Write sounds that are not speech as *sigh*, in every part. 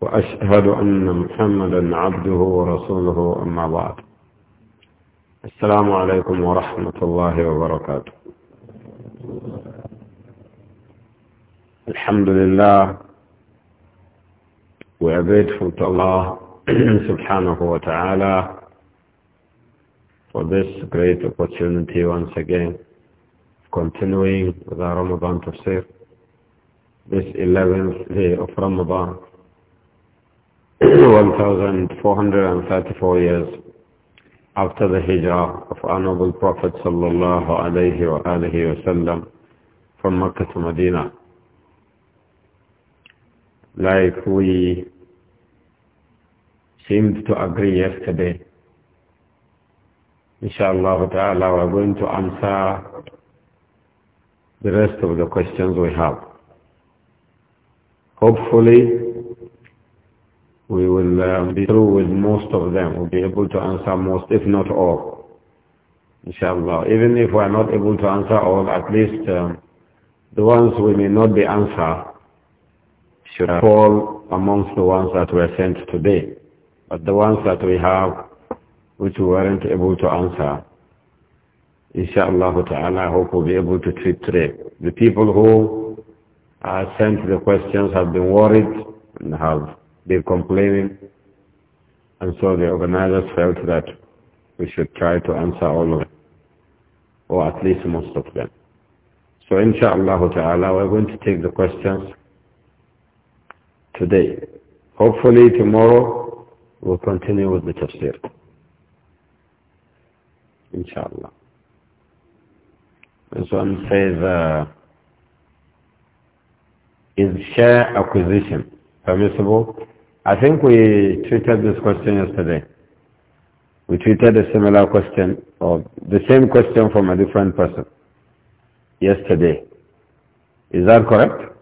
وأشهد أن محمدا عبده ورسوله أما بعد السلام عليكم ورحمة الله وبركاته الحمد لله وعبيد فوت الله سبحانه وتعالى for this great opportunity once again continuing with our Ramadan tafsir this 11th day of Ramadan 1,434 years after the hijrah of our noble Prophet sallallahu alayhi wa wasallam from Mecca to Medina. Like we seemed to agree yesterday, inshallah ta'ala we're going to answer the rest of the questions we have. Hopefully, we will uh, be through with most of them. We'll be able to answer most, if not all. Inshallah. Even if we are not able to answer all, at least um, the ones we may not be answer should fall amongst the ones that were sent today. But the ones that we have, which we weren't able to answer, inshallah ta'ala, I hope we'll be able to treat today. The people who uh, sent the questions have been worried and have they're complaining, and so the organizers felt that we should try to answer all of them, or at least most of them. So inshallah ta'ala, we're going to take the questions today. Hopefully tomorrow we'll continue with the tafsir. Inshallah. This one says, uh, is share acquisition permissible? I think we treated this question yesterday. We treated a similar question, or the same question from a different person yesterday. Is that correct?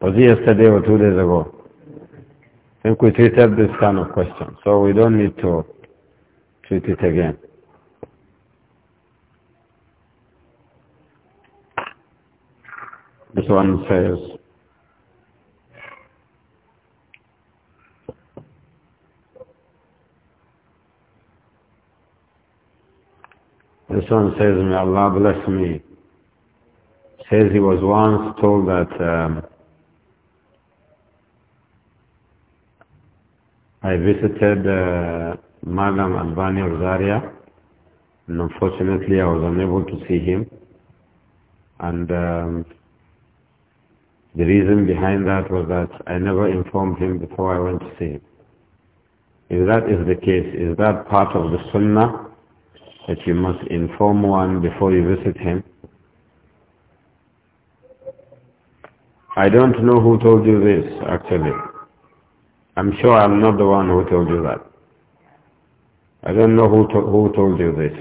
Was it yesterday or two days ago? I think we treated this kind of question, so we don't need to treat it again. This one says, This one says, may Allah bless me. Says he was once told that um, I visited uh, Madam Albani Rosaria and unfortunately I was unable to see him. And um, the reason behind that was that I never informed him before I went to see him. If that is the case, is that part of the sunnah that you must inform one before you visit him? I don't know who told you this, actually. I'm sure I'm not the one who told you that. I don't know who, to who told you this.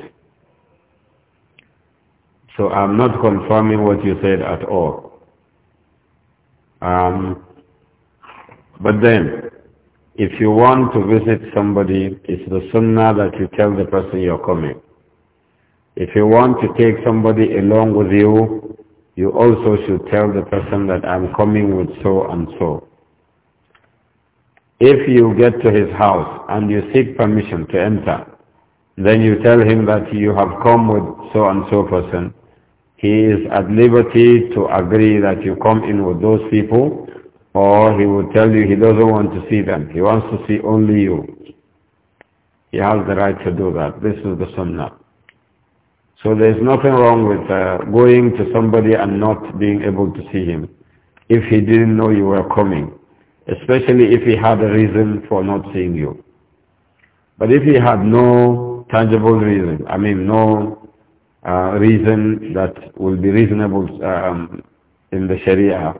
So I'm not confirming what you said at all. Um, but then, if you want to visit somebody, it's the sunnah that you tell the person you're coming. If you want to take somebody along with you, you also should tell the person that I'm coming with so and so. If you get to his house and you seek permission to enter, then you tell him that you have come with so and so person. He is at liberty to agree that you come in with those people or he will tell you he doesn't want to see them. He wants to see only you. He has the right to do that. This is the sunnah. So there's nothing wrong with uh, going to somebody and not being able to see him if he didn't know you were coming, especially if he had a reason for not seeing you. But if he had no tangible reason, I mean no uh, reason that will be reasonable um, in the Sharia,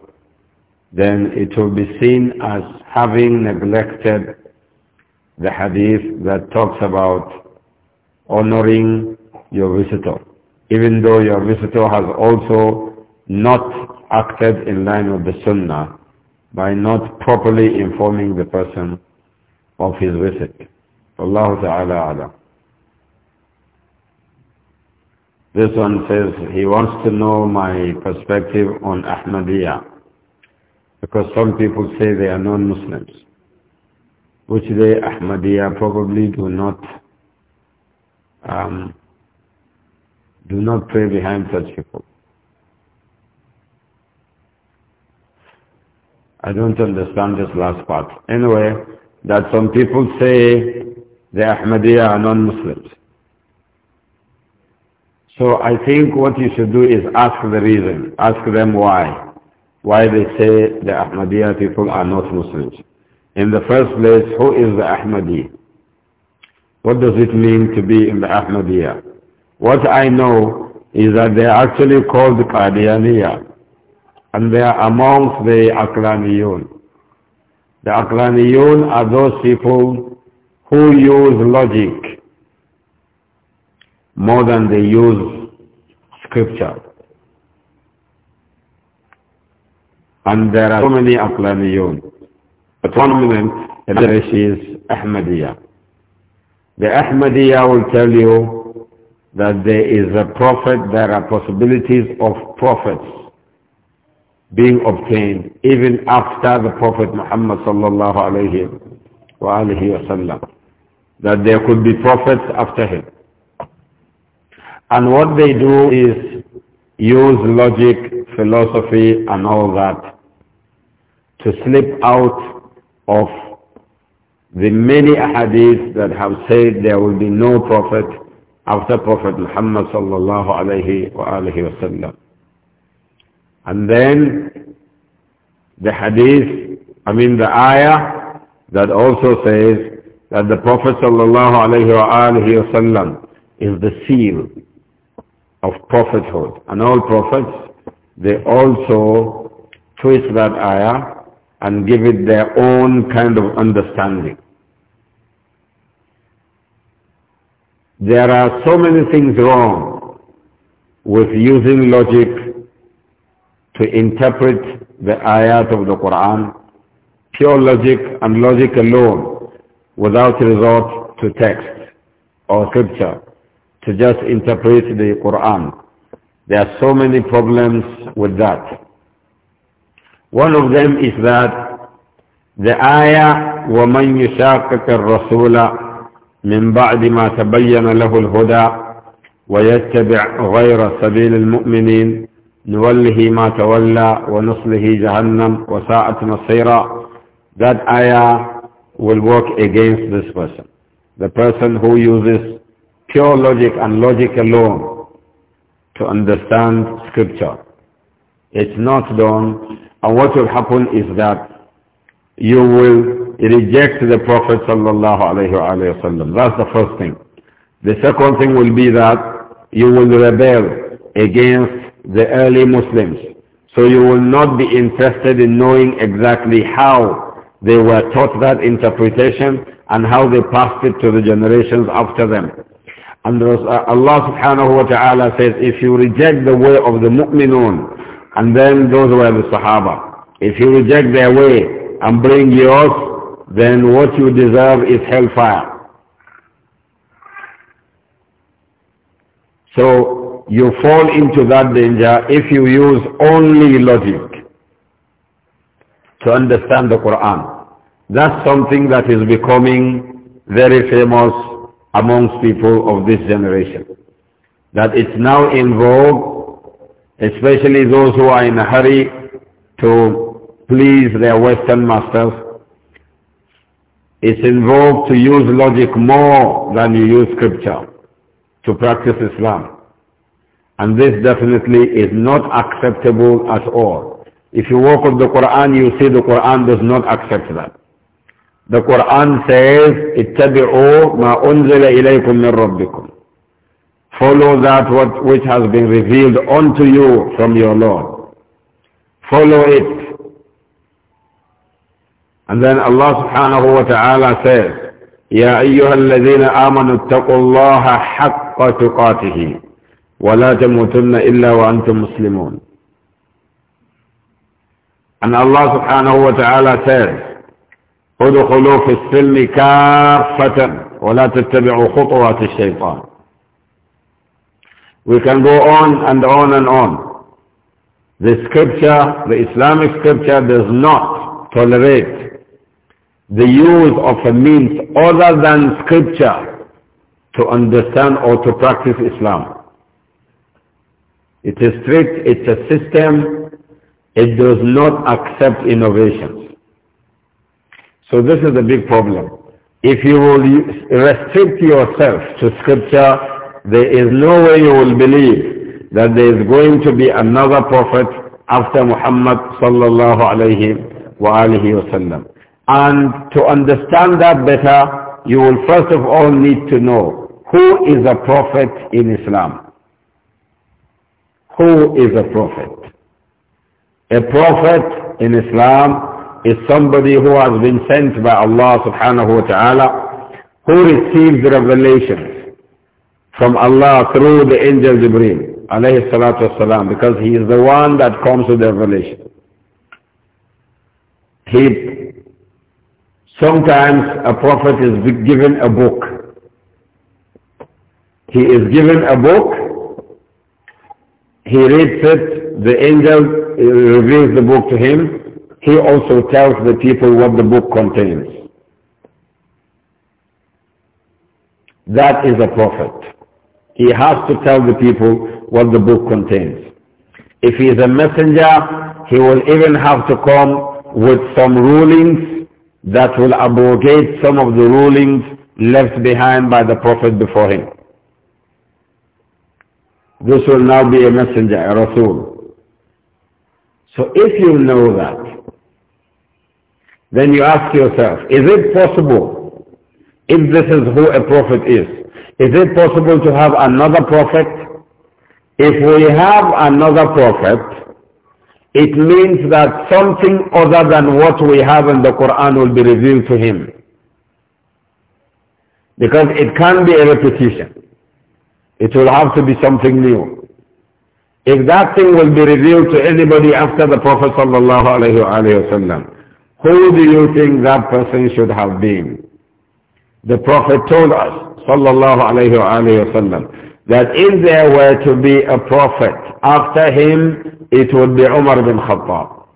then it will be seen as having neglected the hadith that talks about honoring your visitor, even though your visitor has also not acted in line with the sunnah by not properly informing the person of his visit. Allah Ta'ala Alam. This one says he wants to know my perspective on Ahmadiyya because some people say they are non-Muslims, which they Ahmadiyya probably do not um, do not pray behind such people. I don't understand this last part. Anyway, that some people say the Ahmadiyya are non-Muslims. So I think what you should do is ask the reason. Ask them why. Why they say the Ahmadiyya people are not Muslims. In the first place, who is the Ahmadi? What does it mean to be in the Ahmadiyya? What I know is that they are actually called Qadianiyah and they are amongst the Aklaniyun. The Aklaniyun are those people who use logic more than they use scripture. And there are so many Aklaniyun. But one moment, there is Ahmadiyya. The Ahmadiyya will tell you that there is a prophet, there are possibilities of prophets being obtained even after the Prophet Muhammad sallallahu alayhi wa alihi That there could be prophets after him. And what they do is use logic, philosophy and all that to slip out of the many hadiths that have said there will be no prophet after Prophet Muhammad sallallahu alayhi wa alihi wasallam. And then the hadith, I mean the ayah that also says that the Prophet sallallahu alayhi wa alihi wasallam is the seal of prophethood. And all prophets, they also twist that ayah and give it their own kind of understanding. There are so many things wrong with using logic to interpret the ayat of the Quran, pure logic and logic alone, without resort to text or scripture, to just interpret the Quran. There are so many problems with that. One of them is that the ayah وَمَنْ يُشَاقِقِ الرَّسُولَ من بعد ما تبين له الهدى ويتبع غير سبيل المؤمنين نوله ما تولى ونصله جهنم وساءت مصيرا that ayah will work against this person the person who uses pure logic and logic alone to understand scripture it's not done and what will happen is that you will rejects the Prophet sallallahu alayhi wa sallam. That's the first thing. The second thing will be that you will rebel against the early Muslims. So you will not be interested in knowing exactly how they were taught that interpretation and how they passed it to the generations after them. And uh, Allah subhanahu wa ta'ala says, if you reject the way of the mu'minun, and then those were the Sahaba. If you reject their way and bring yours, then what you deserve is hellfire. So you fall into that danger if you use only logic to understand the Quran. That's something that is becoming very famous amongst people of this generation. That it's now in vogue, especially those who are in a hurry to please their Western masters it's involved to use logic more than you use scripture to practice Islam. And this definitely is not acceptable at all. If you walk with the Quran, you see the Quran does not accept that. The Quran says, اتبعوا ما أنزل إليكم من ربكم. Follow that what, which has been revealed unto you from your Lord. Follow it And then Allah subhanahu wa ta'ala says, يا أيها الذين آمنوا اتقوا الله حق تقاته ولا تموتن إلا وأنتم مسلمون أن الله سبحانه وتعالى says ادخلوا في السلم كافة ولا تتبعوا خطوات الشيطان We can go on and on and on. The scripture, the Islamic scripture does not tolerate the use of a means other than scripture to understand or to practice Islam. It is strict, it's a system, it does not accept innovations. So this is a big problem. If you will restrict yourself to scripture, there is no way you will believe that there is going to be another prophet after Muhammad sallallahu alayhi wa alihi wa sallam. And to understand that better, you will first of all need to know who is a prophet in Islam. Who is a prophet? A prophet in Islam is somebody who has been sent by Allah subhanahu wa ta'ala, who receives revelations from Allah through the angel Jibreel alayhi salatu wasalam, because he is the one that comes with the revelation. He Sometimes a prophet is given a book. He is given a book. He reads it. The angel uh, reveals the book to him. He also tells the people what the book contains. That is a prophet. He has to tell the people what the book contains. If he is a messenger, he will even have to come with some rulings that will abrogate some of the rulings left behind by the Prophet before him. This will now be a messenger, a Rasul. So if you know that, then you ask yourself, is it possible, if this is who a prophet is, is it possible to have another prophet? If we have another prophet, it means that something other than what we have in the Quran will be revealed to him. Because it can be a repetition. It will have to be something new. If that thing will be revealed to anybody after the Prophet sallallahu who do you think that person should have been? The Prophet told us, sallallahu alayhi wa that if there were to be a prophet after him, it would be Umar bin Khattab.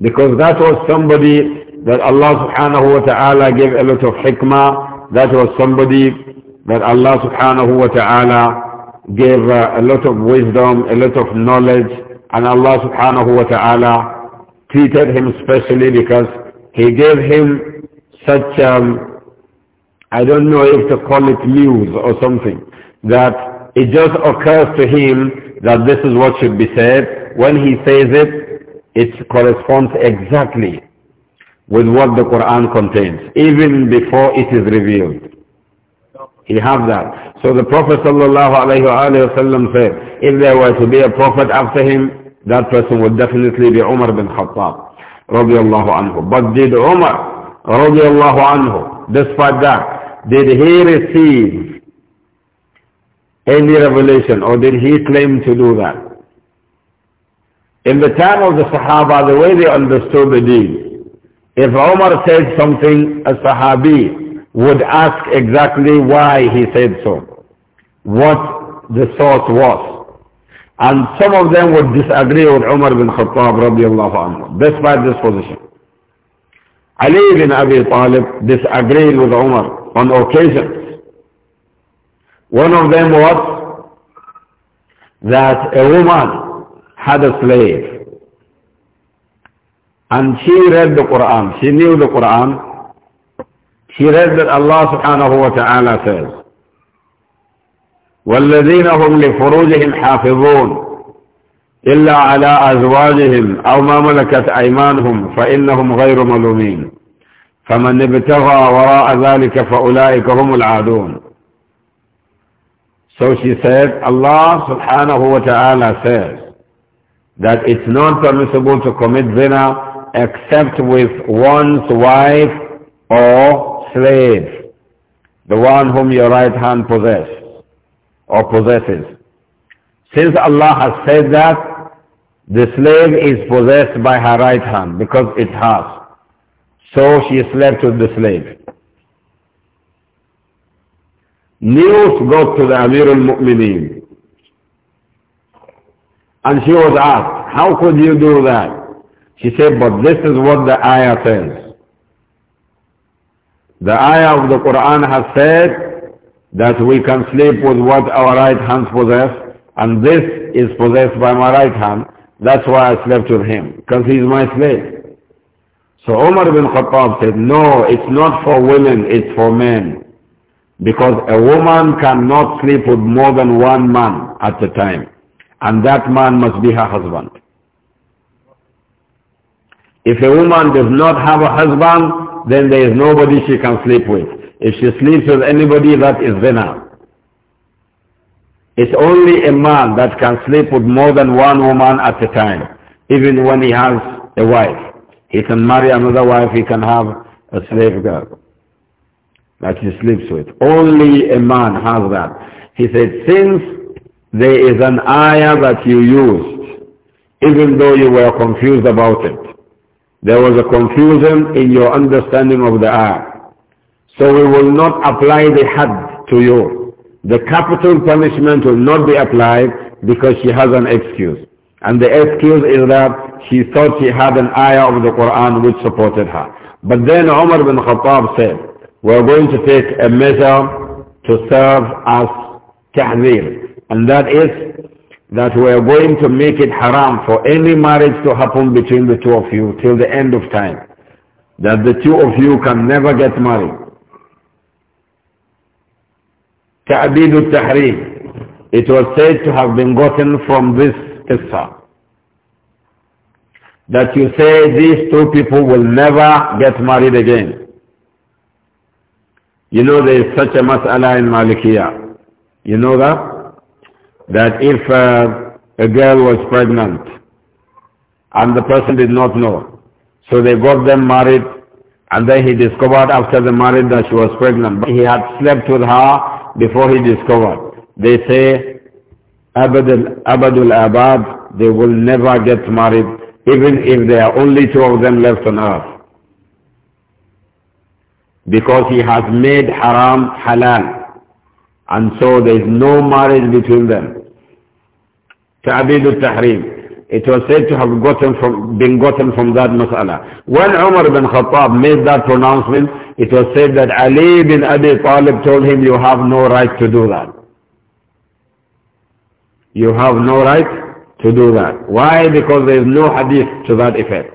Because that was somebody that Allah subhanahu wa ta'ala gave a lot of hikmah. That was somebody that Allah subhanahu wa ta'ala gave uh, a lot of wisdom, a lot of knowledge. And Allah subhanahu wa ta'ala treated him specially because he gave him such, um, I don't know if to call it muse or something, that it just occurs to him that this is what should be said, when he says it, it corresponds exactly with what the Quran contains, even before it is revealed. He have that. So the Prophet ﷺ said, if there were to be a prophet after him, that person would definitely be Umar bin Khattab anhu. But did Umar anhu, despite that, did he receive any revelation or did he claim to do that? In the time of the Sahaba, the way they understood the deen, if Omar said something, a Sahabi would ask exactly why he said so, what the source was. And some of them would disagree with Umar bin Khattab radiallahu anhu, despite this position. Ali bin Abi Talib disagreed with Umar on occasion. One of them was that a woman had a slave. And she read the Quran. She knew the Quran. She read that Allah subhanahu wa ta'ala says, وَالَّذِينَ هُمْ لِفُرُوجِهِمْ حَافِظُونَ إلا على أزواجهم أو ما ملكت أيمانهم فإنهم غير ملومين فمن ابتغى وراء ذلك فأولئك هم العادون So she said, Allah subhanahu wa ta'ala says that it's not permissible to commit zina except with one's wife or slave, the one whom your right hand possesses or possesses. Since Allah has said that, the slave is possessed by her right hand because it has. So she slept with the slave. News got to the Amir al-Mu'mineen. And she was asked, how could you do that? She said, but this is what the ayah says. The ayah of the Quran has said that we can sleep with what our right hands possess, and this is possessed by my right hand. That's why I slept with him, because he's my slave. So Omar bin Khattab said, no, it's not for women, it's for men. Because a woman cannot sleep with more than one man at a time. And that man must be her husband. If a woman does not have a husband, then there is nobody she can sleep with. If she sleeps with anybody, that is venal. It's only a man that can sleep with more than one woman at a time, even when he has a wife. He can marry another wife, he can have a slave girl that he sleeps with. Only a man has that. He said, since there is an ayah that you used, even though you were confused about it, there was a confusion in your understanding of the ayah. So we will not apply the had to you. The capital punishment will not be applied because she has an excuse. And the excuse is that she thought she had an ayah of the Quran which supported her. But then Umar bin Khattab said, we're going to take a measure to serve as tahzir. And that is that we're going to make it haram for any marriage to happen between the two of you till the end of time. That the two of you can never get married. Ta'bid tahrim It was said to have been gotten from this qissa. That you say these two people will never get married again. You know there is such a mas'ala in Malikiya. You know that? That if uh, a girl was pregnant and the person did not know, so they got them married and then he discovered after the marriage that she was pregnant. But he had slept with her before he discovered. They say, Abadul, Abadul Abad, they will never get married even if there are only two of them left on earth because he has made haram halal. And so there is no marriage between them. Ta'bid al-Tahrim. It was said to have gotten from, been gotten from that mas'ala. When Umar bin Khattab made that pronouncement, it was said that Ali bin Abi Talib told him, you have no right to do that. You have no right to do that. Why? Because there is no hadith to that effect.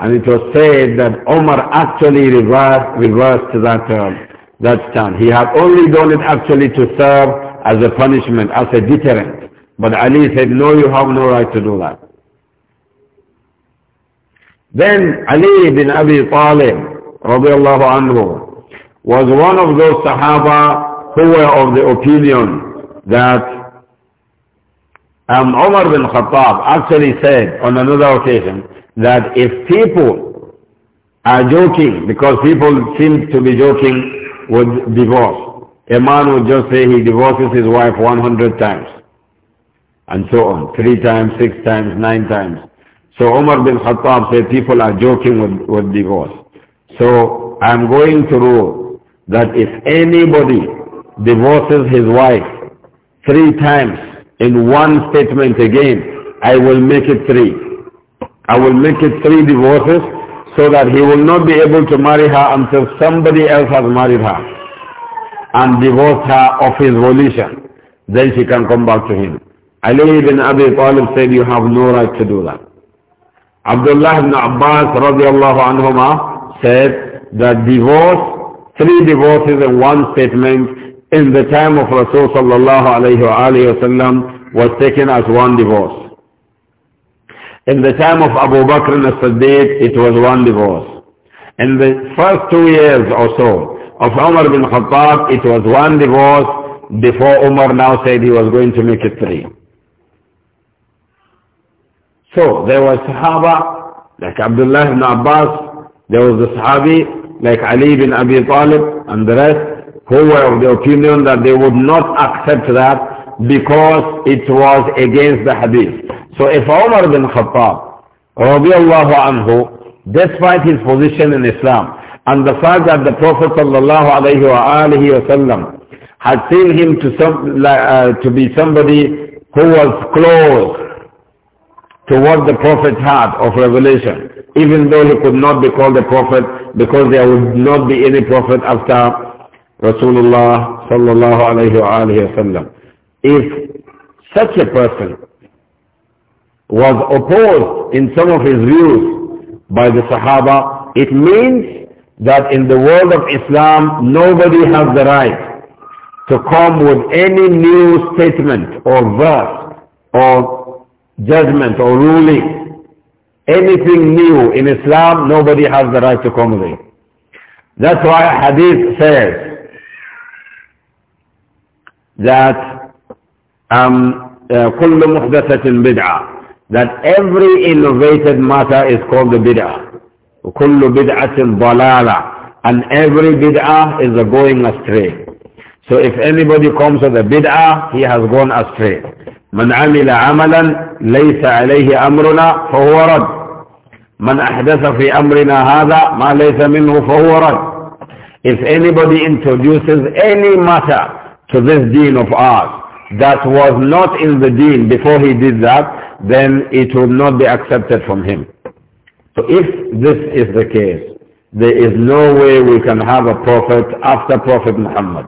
And it was said that Omar actually reversed, reversed that, uh, that stand. He had only done it actually to serve as a punishment, as a deterrent. But Ali said, no, you have no right to do that. Then Ali bin Abi Talib, radiallahu anhu, was one of those Sahaba who were of the opinion that um, Omar bin Khattab actually said on another occasion, that if people are joking, because people seem to be joking with divorce, a man would just say he divorces his wife 100 times, and so on, three times, six times, nine times. So Umar bin Khattab said people are joking with, with divorce. So I'm going to rule that if anybody divorces his wife three times in one statement again, I will make it three. I will make it three divorces so that he will not be able to marry her until somebody else has married her and divorced her of his volition. Then she can come back to him. Ali ibn Abi Talib said, you have no right to do that. Abdullah ibn Abbas radiallahu anhuma said that divorce, three divorces in one statement in the time of Rasulullah sallallahu alayhi wa was taken as one divorce. In the time of Abu Bakr as-Siddiq, it was one divorce. In the first two years or so of Umar bin Khattab, it was one divorce before Umar now said he was going to make it three. So there was Sahaba like Abdullah ibn Abbas, there was the Sahabi like Ali bin Abi Talib and the rest who were of the opinion that they would not accept that because it was against the Hadith. So if Umar bin Khattab, radiallahu anhu, despite his position in Islam, and the fact that the Prophet sallallahu alayhi wa alihi wasallam had seen him to, some, uh, to be somebody who was close to what the Prophet had of revelation, even though he could not be called a prophet because there would not be any prophet after Rasulullah sallallahu alayhi wa alihi wasallam. If such a person was opposed in some of his views by the Sahaba, it means that in the world of Islam, nobody has the right to come with any new statement or verse or judgment or ruling. Anything new in Islam, nobody has the right to come with it. That's why Hadith says that um, uh, كل محدثة بدعة that every innovated matter is called a bid'ah. كل بدعة ضلالة and every bid'ah is a going astray. So if anybody comes with a bid'ah, he has gone astray. من عمل عملا ليس عليه أمرنا فهو رد من أحدث في أمرنا هذا ما ليس منه فهو رد If anybody introduces any matter to this deen of ours that was not in the deen before he did that, then it will not be accepted from him. So if this is the case, there is no way we can have a prophet after Prophet Muhammad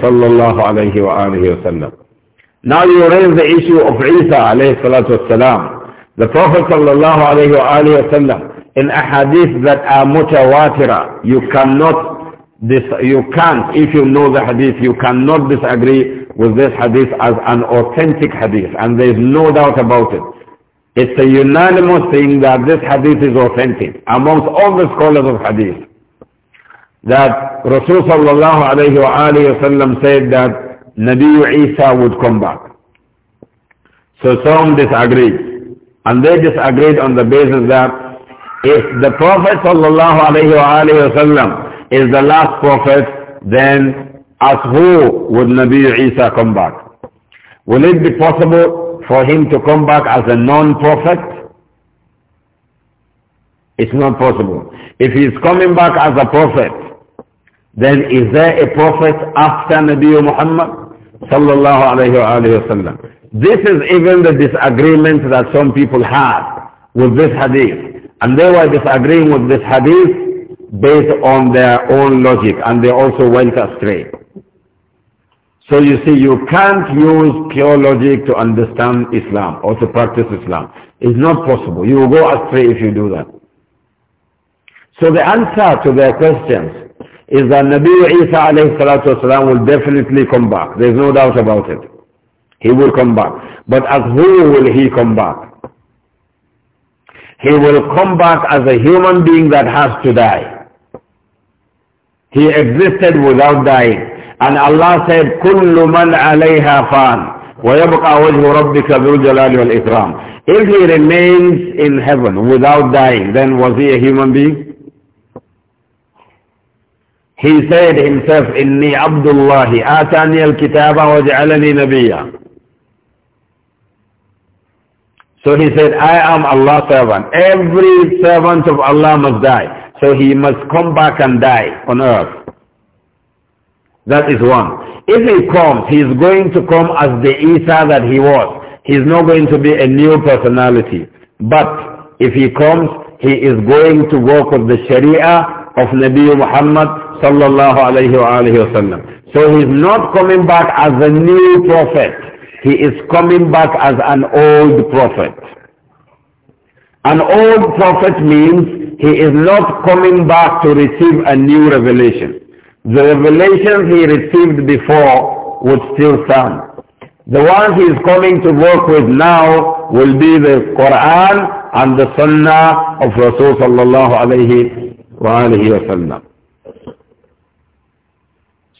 sallallahu alayhi wa alihi wasallam. Now you raise the issue of Isa alayhi salatu wasalam. The Prophet sallallahu alayhi wa alihi wasallam in ahadith that are mutawatira, you cannot, this, you can't, if you know the hadith, you cannot disagree with this hadith as an authentic hadith, and there is no doubt about it. It's a unanimous thing that this hadith is authentic amongst all the scholars of hadith. That Rasulullah said that Nabi Isa would come back. So some disagreed. And they disagreed on the basis that if the Prophet sallallahu is the last prophet, then as who would Nabi Isa come back? Will it be possible for him to come back as a non-prophet? It's not possible. If he is coming back as a prophet, then is there a prophet after Nabi Muhammad? Sallallahu alayhi alayhi wa sallam. This is even the disagreement that some people had with this hadith. And they were disagreeing with this hadith based on their own logic and they also went astray. So you see, you can't use pure logic to understand Islam or to practice Islam. It's not possible. You will go astray if you do that. So the answer to their questions is that Nabi Isa alayhi salatu wasalam will definitely come back. There's no doubt about it. He will come back. But as who will he come back? He will come back as a human being that has to die. He existed without dying. And Allah said, كُلُّ مَنْ عَلَيْهَا فَانْ وَيَبْقَى وَجْهُ رَبِّكَ بالجلال الْجَلَالِ وَالْإِكْرَامِ If he remains in heaven without dying, then was he a human being? He said himself, إِنِّي عَبْدُ اللَّهِ آتَانِيَ الْكِتَابَ وَجَعَلَنِي نَبِيًّا So he said, I am Allah's servant. Every servant of Allah must die. So he must come back and die on earth. That is one. If he comes, he is going to come as the Isa that he was. He is not going to be a new personality. But if he comes, he is going to work with the Sharia of Nabi Muhammad sallallahu alayhi wa alayhi So he's not coming back as a new prophet. He is coming back as an old prophet. An old prophet means he is not coming back to receive a new revelation. The revelations he received before would still stand. The ones he is coming to work with now will be the Quran and the Sunnah of Rasul sallallahu alayhi wa sallam.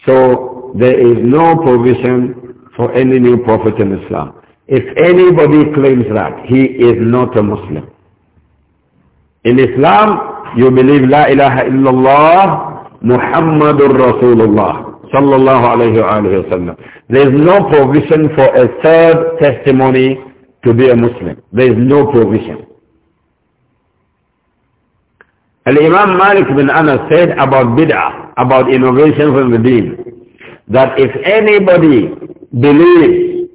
So there is no provision for any new prophet in Islam. If anybody claims that, he is not a Muslim. In Islam, you believe La ilaha illallah Muhammadur Rasulullah sallallahu alayhi wa sallam. There is no provision for a third testimony to be a Muslim. There is no provision. Al-Imam Malik bin Anas said about bid'ah, about innovation from the deen, that if anybody believes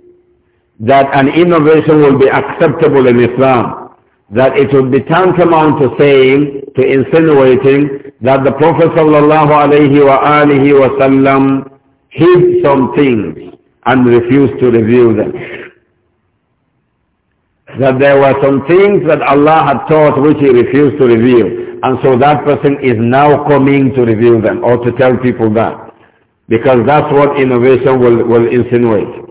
that an innovation will be acceptable in Islam, that it would be tantamount to saying, to insinuating that the Prophet sallallahu alaihi wasallam hid some things and refused to reveal them. That there were some things that Allah had taught which he refused to reveal. And so that person is now coming to reveal them or to tell people that. Because that's what innovation will, will insinuate.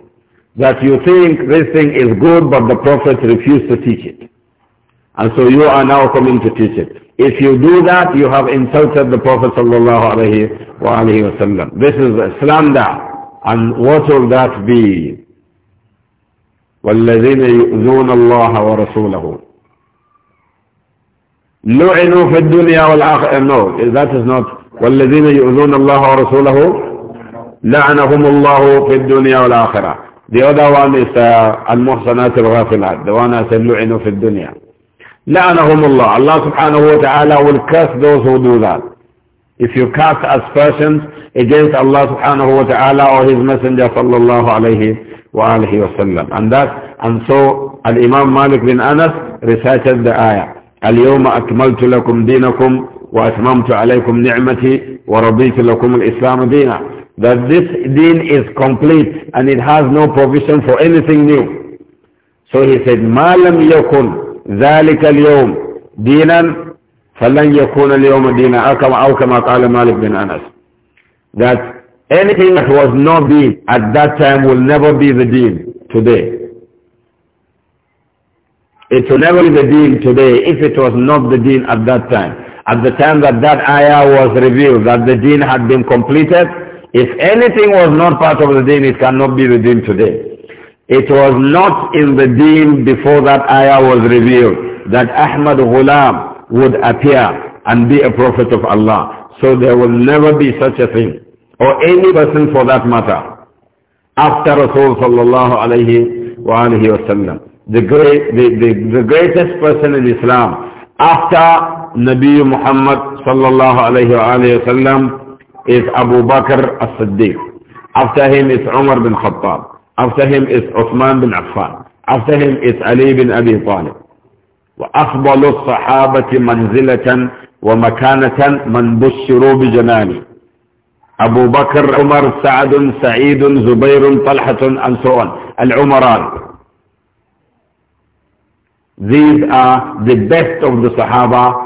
That you think this thing is good but the Prophet refused to teach it. And so you are now coming to teach it. If you do that, you have insulted the Prophet sallallahu alayhi wa sallam. This is slander. And what will that be? والذين يؤذون الله ورسوله لعنوا في الدنيا والآخرة no that is not والذين يؤذون الله ورسوله لعنهم الله في الدنيا والآخرة the other one is المحصنات الغافلات the one I said لعنوا في الدنيا anahum Allah subhanahu wa ta'ala will curse those who do that. If you cast aspersions against Allah subhanahu wa ta'ala or His Messenger صلى الله wa alihi wa sallam. And that, and so Al-Imam Malik bin Anas recited the ayah. اليوم أكملت لكم دينكم وأتممت عليكم نعمتي ورضيت لكم الإسلام دينا. That this deen is complete and it has no provision for anything new. So he said, ما لم يكن ذلك اليوم دينا فلن يكون اليوم دينا أو كما قال مالك بن أنس that anything that was not deen at that time will never be the deen today it will never be the deen today if it was not the deen at that time at the time that that ayah was revealed that the deen had been completed if anything was not part of the deen it cannot be the deen today it was not in the deen before that ayah was revealed that Ahmad Ghulam would appear and be a prophet of Allah. So there will never be such a thing. Or any person for that matter. After Rasul sallallahu alayhi wa wasallam. The, great, the, the, the greatest person in Islam after Nabi Muhammad sallallahu alayhi wa wasallam is Abu Bakr as-Siddiq. After him is Umar bin Khattab. After him is Uthman bin Affan. After him is Ali bin Abi Talib. وأفضل الصحابة منزلة ومكانة من بشروا بجنانه أبو بكر عمر سعد سعيد زبير طلحة and so on العمران these are the best of the Sahaba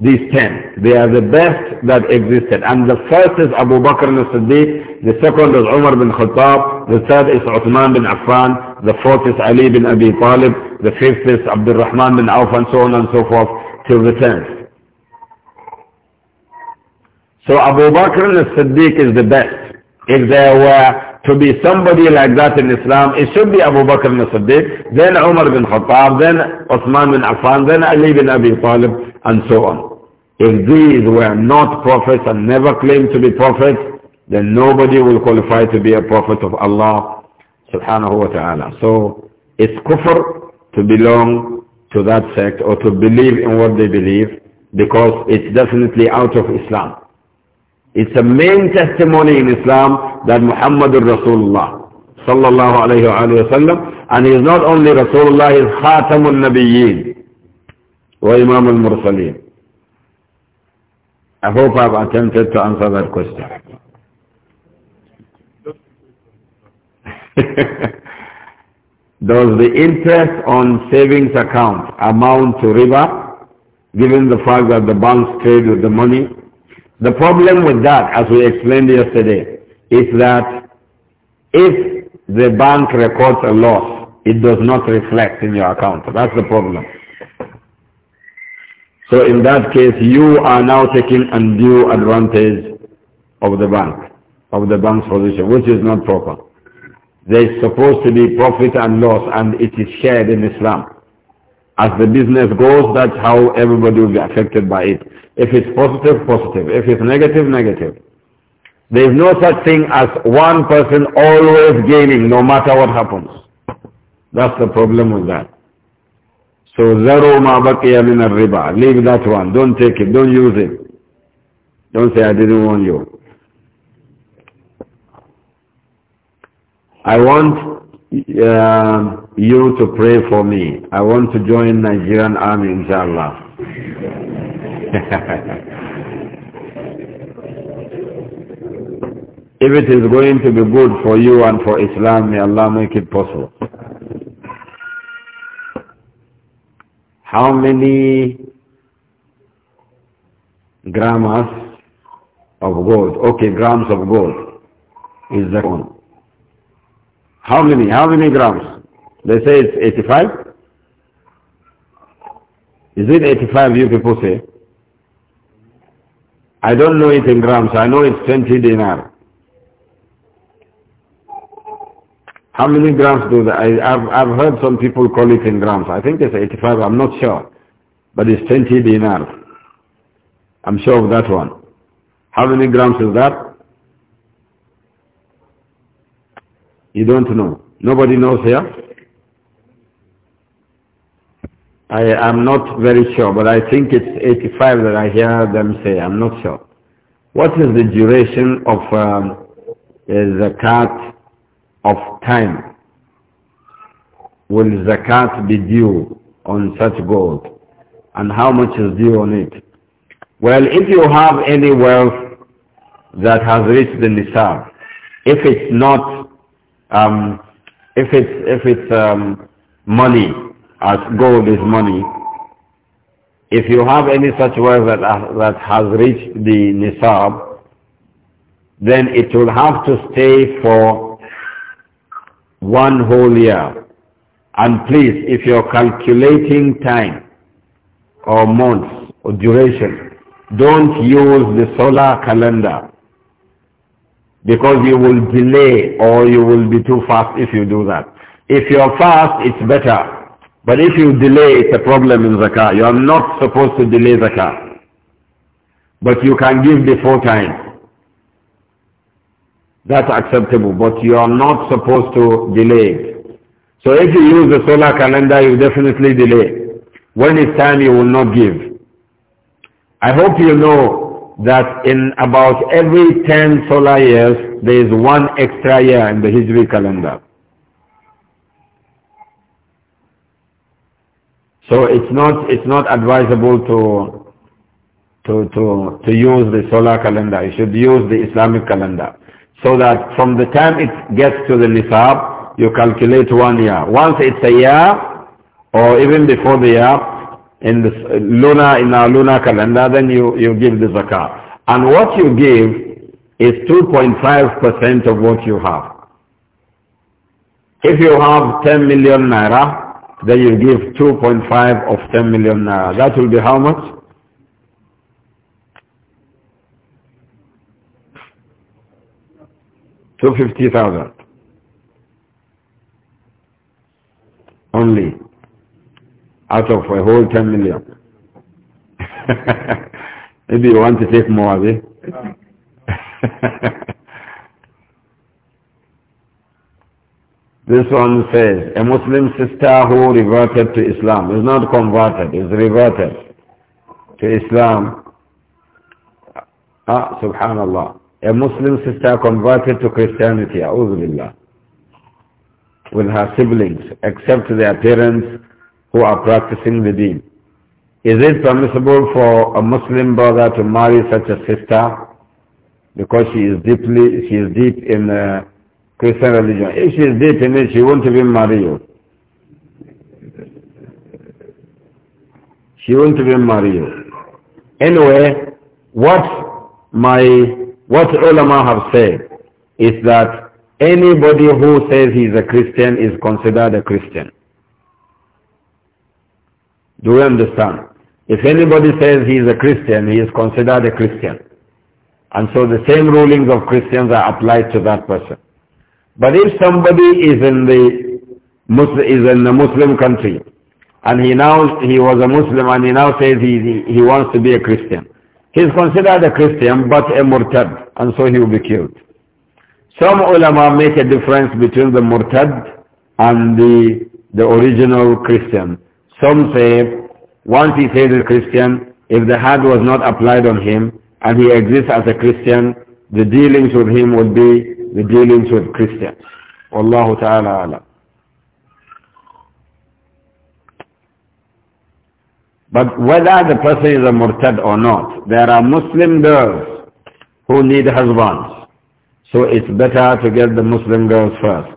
These ten. They are the best that existed. And the first is Abu Bakr al-Siddiq, the second is Umar bin Khattab, the third is Uthman bin Affan, the fourth is Ali bin Abi Talib, the fifth is Abdul Rahman bin Auf and so on and so forth till the tenth. So Abu Bakr al-Siddiq is the best. If there were to be somebody like that in Islam, it should be Abu Bakr al-Siddiq, then Umar bin Khattab, then Uthman bin Affan, then Ali bin Abi Talib, and so on. If these were not prophets and never claimed to be prophets, then nobody will qualify to be a prophet of Allah subhanahu wa ta'ala. So it's kufr to belong to that sect or to believe in what they believe because it's definitely out of Islam. It's a main testimony in Islam that Muhammadur Rasulullah sallallahu alayhi wa sallam and he's not only Rasulullah, he's Khatamul Nabiyyin wa Imam al-Mursaleen. I hope I've attempted to answer that question. *laughs* Does the interest on savings account amount to river? given the fact that the banks trade with the money? The problem with that, as we explained yesterday, is that if the bank records a loss, it does not reflect in your account. That's the problem. So in that case, you are now taking undue advantage of the bank, of the bank's position, which is not proper. There is supposed to be profit and loss, and it is shared in Islam. As the business goes, that's how everybody will be affected by it. If it's positive, positive. If it's negative, negative. There is no such thing as one person always gaining no matter what happens. That's the problem with that. So ذَرُوا مَا بَقِيَ مِنَ riba. Leave that one. Don't take it. Don't use it. Don't say, I didn't warn you. I want uh, you to pray for me. I want to join Nigerian army, inshallah. *laughs* if it is going to be good for you and for Islam, may Allah make it possible. How many grams of gold? Okay, grams of gold is the one. How many? How many grams? They say it's 85. Is it 85 you people say? I don't know it in grams. I know it's 20 dinar. How many grams do that? I, have I've heard some people call it in grams. I think it's 85, I'm not sure. But it's 20 dinars. I'm sure of that one. How many grams is that? You don't know. Nobody knows here? I am not very sure, but I think it's 85 that I hear them say. I'm not sure. What is the duration of um, uh, zakat of time will zakat be due on such gold? And how much is due on it? Well, if you have any wealth that has reached the nisab, if it's not, um, if it's, if it's um, money, as gold is money, if you have any such wealth that, uh, that has reached the nisab, then it will have to stay for one whole year. And please, if you're calculating time or months or duration, don't use the solar calendar because you will delay or you will be too fast if you do that. If you're fast, it's better. But if you delay, it's a problem in zakah. You are not supposed to delay zakah. But you can give before time. That's acceptable, but you are not supposed to delay it. So if you use the solar calendar, you definitely delay. When it's time, you will not give. I hope you know that in about every 10 solar years, there is one extra year in the Hijri calendar. So it's not, it's not advisable to, to, to, to use the solar calendar. You should use the Islamic calendar. So that from the time it gets to the nisab, you calculate one year. Once it's a year, or even before the year, in the lunar, in our lunar calendar, then you, you give the zakat. And what you give is 2.5% of what you have. If you have 10 million naira, then you give 2.5 of 10 million naira. That will be how much? 250,000 only out of a whole 10 million. *laughs* Maybe you want to take more of eh? it. *laughs* this one says, a Muslim sister who reverted to Islam, is not converted, is reverted to Islam. Ah, subhanallah a Muslim sister converted to Christianity, a'udhu with her siblings, except their parents who are practicing the deen. Is it permissible for a Muslim brother to marry such a sister because she is deeply, she is deep in the uh, Christian religion? If she is deep in it, she won't even marry you. She won't even marry you. Anyway, what my what ulama have said is that anybody who says he's a Christian is considered a Christian. Do you understand? If anybody says he is a Christian, he is considered a Christian. And so the same rulings of Christians are applied to that person. But if somebody is in the Muslim, is in a Muslim country and he now he was a Muslim and he now says he, he wants to be a Christian, he is considered a Christian but a murtad and so he will be killed. Some ulama make a difference between the murtad and the, the original Christian. Some say once he says a Christian, if the had was not applied on him and he exists as a Christian, the dealings with him would be the dealings with Christians. Wallahu ta'ala alam. But whether the person is a murtad or not, there are Muslim girls who need husbands. So it's better to get the Muslim girls first.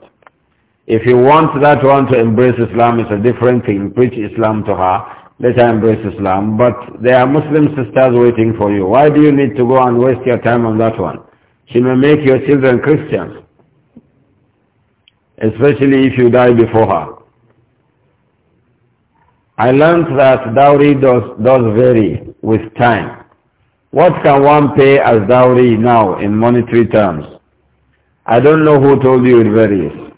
If you want that one to embrace Islam, it's a different thing. Preach Islam to her. Let her embrace Islam. But there are Muslim sisters waiting for you. Why do you need to go and waste your time on that one? She may make your children Christians. Especially if you die before her. I learned that dowry does, does vary with time. What can one pay as dowry now in monetary terms? I don't know who told you it varies.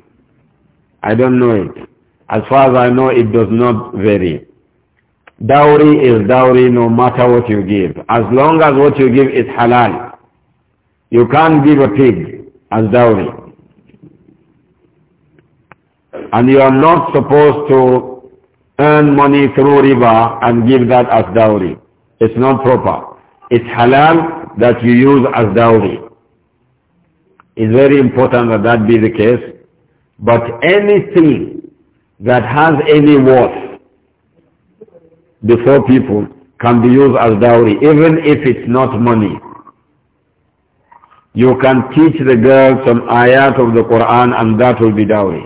I don't know it. As far as I know, it does not vary. Dowry is dowry no matter what you give. As long as what you give is halal. You can't give a pig as dowry. And you are not supposed to earn money through riba and give that as dowry. It's not proper. It's halal that you use as dowry. It's very important that that be the case. But anything that has any worth before people can be used as dowry, even if it's not money. You can teach the girl some ayat of the Quran and that will be dowry.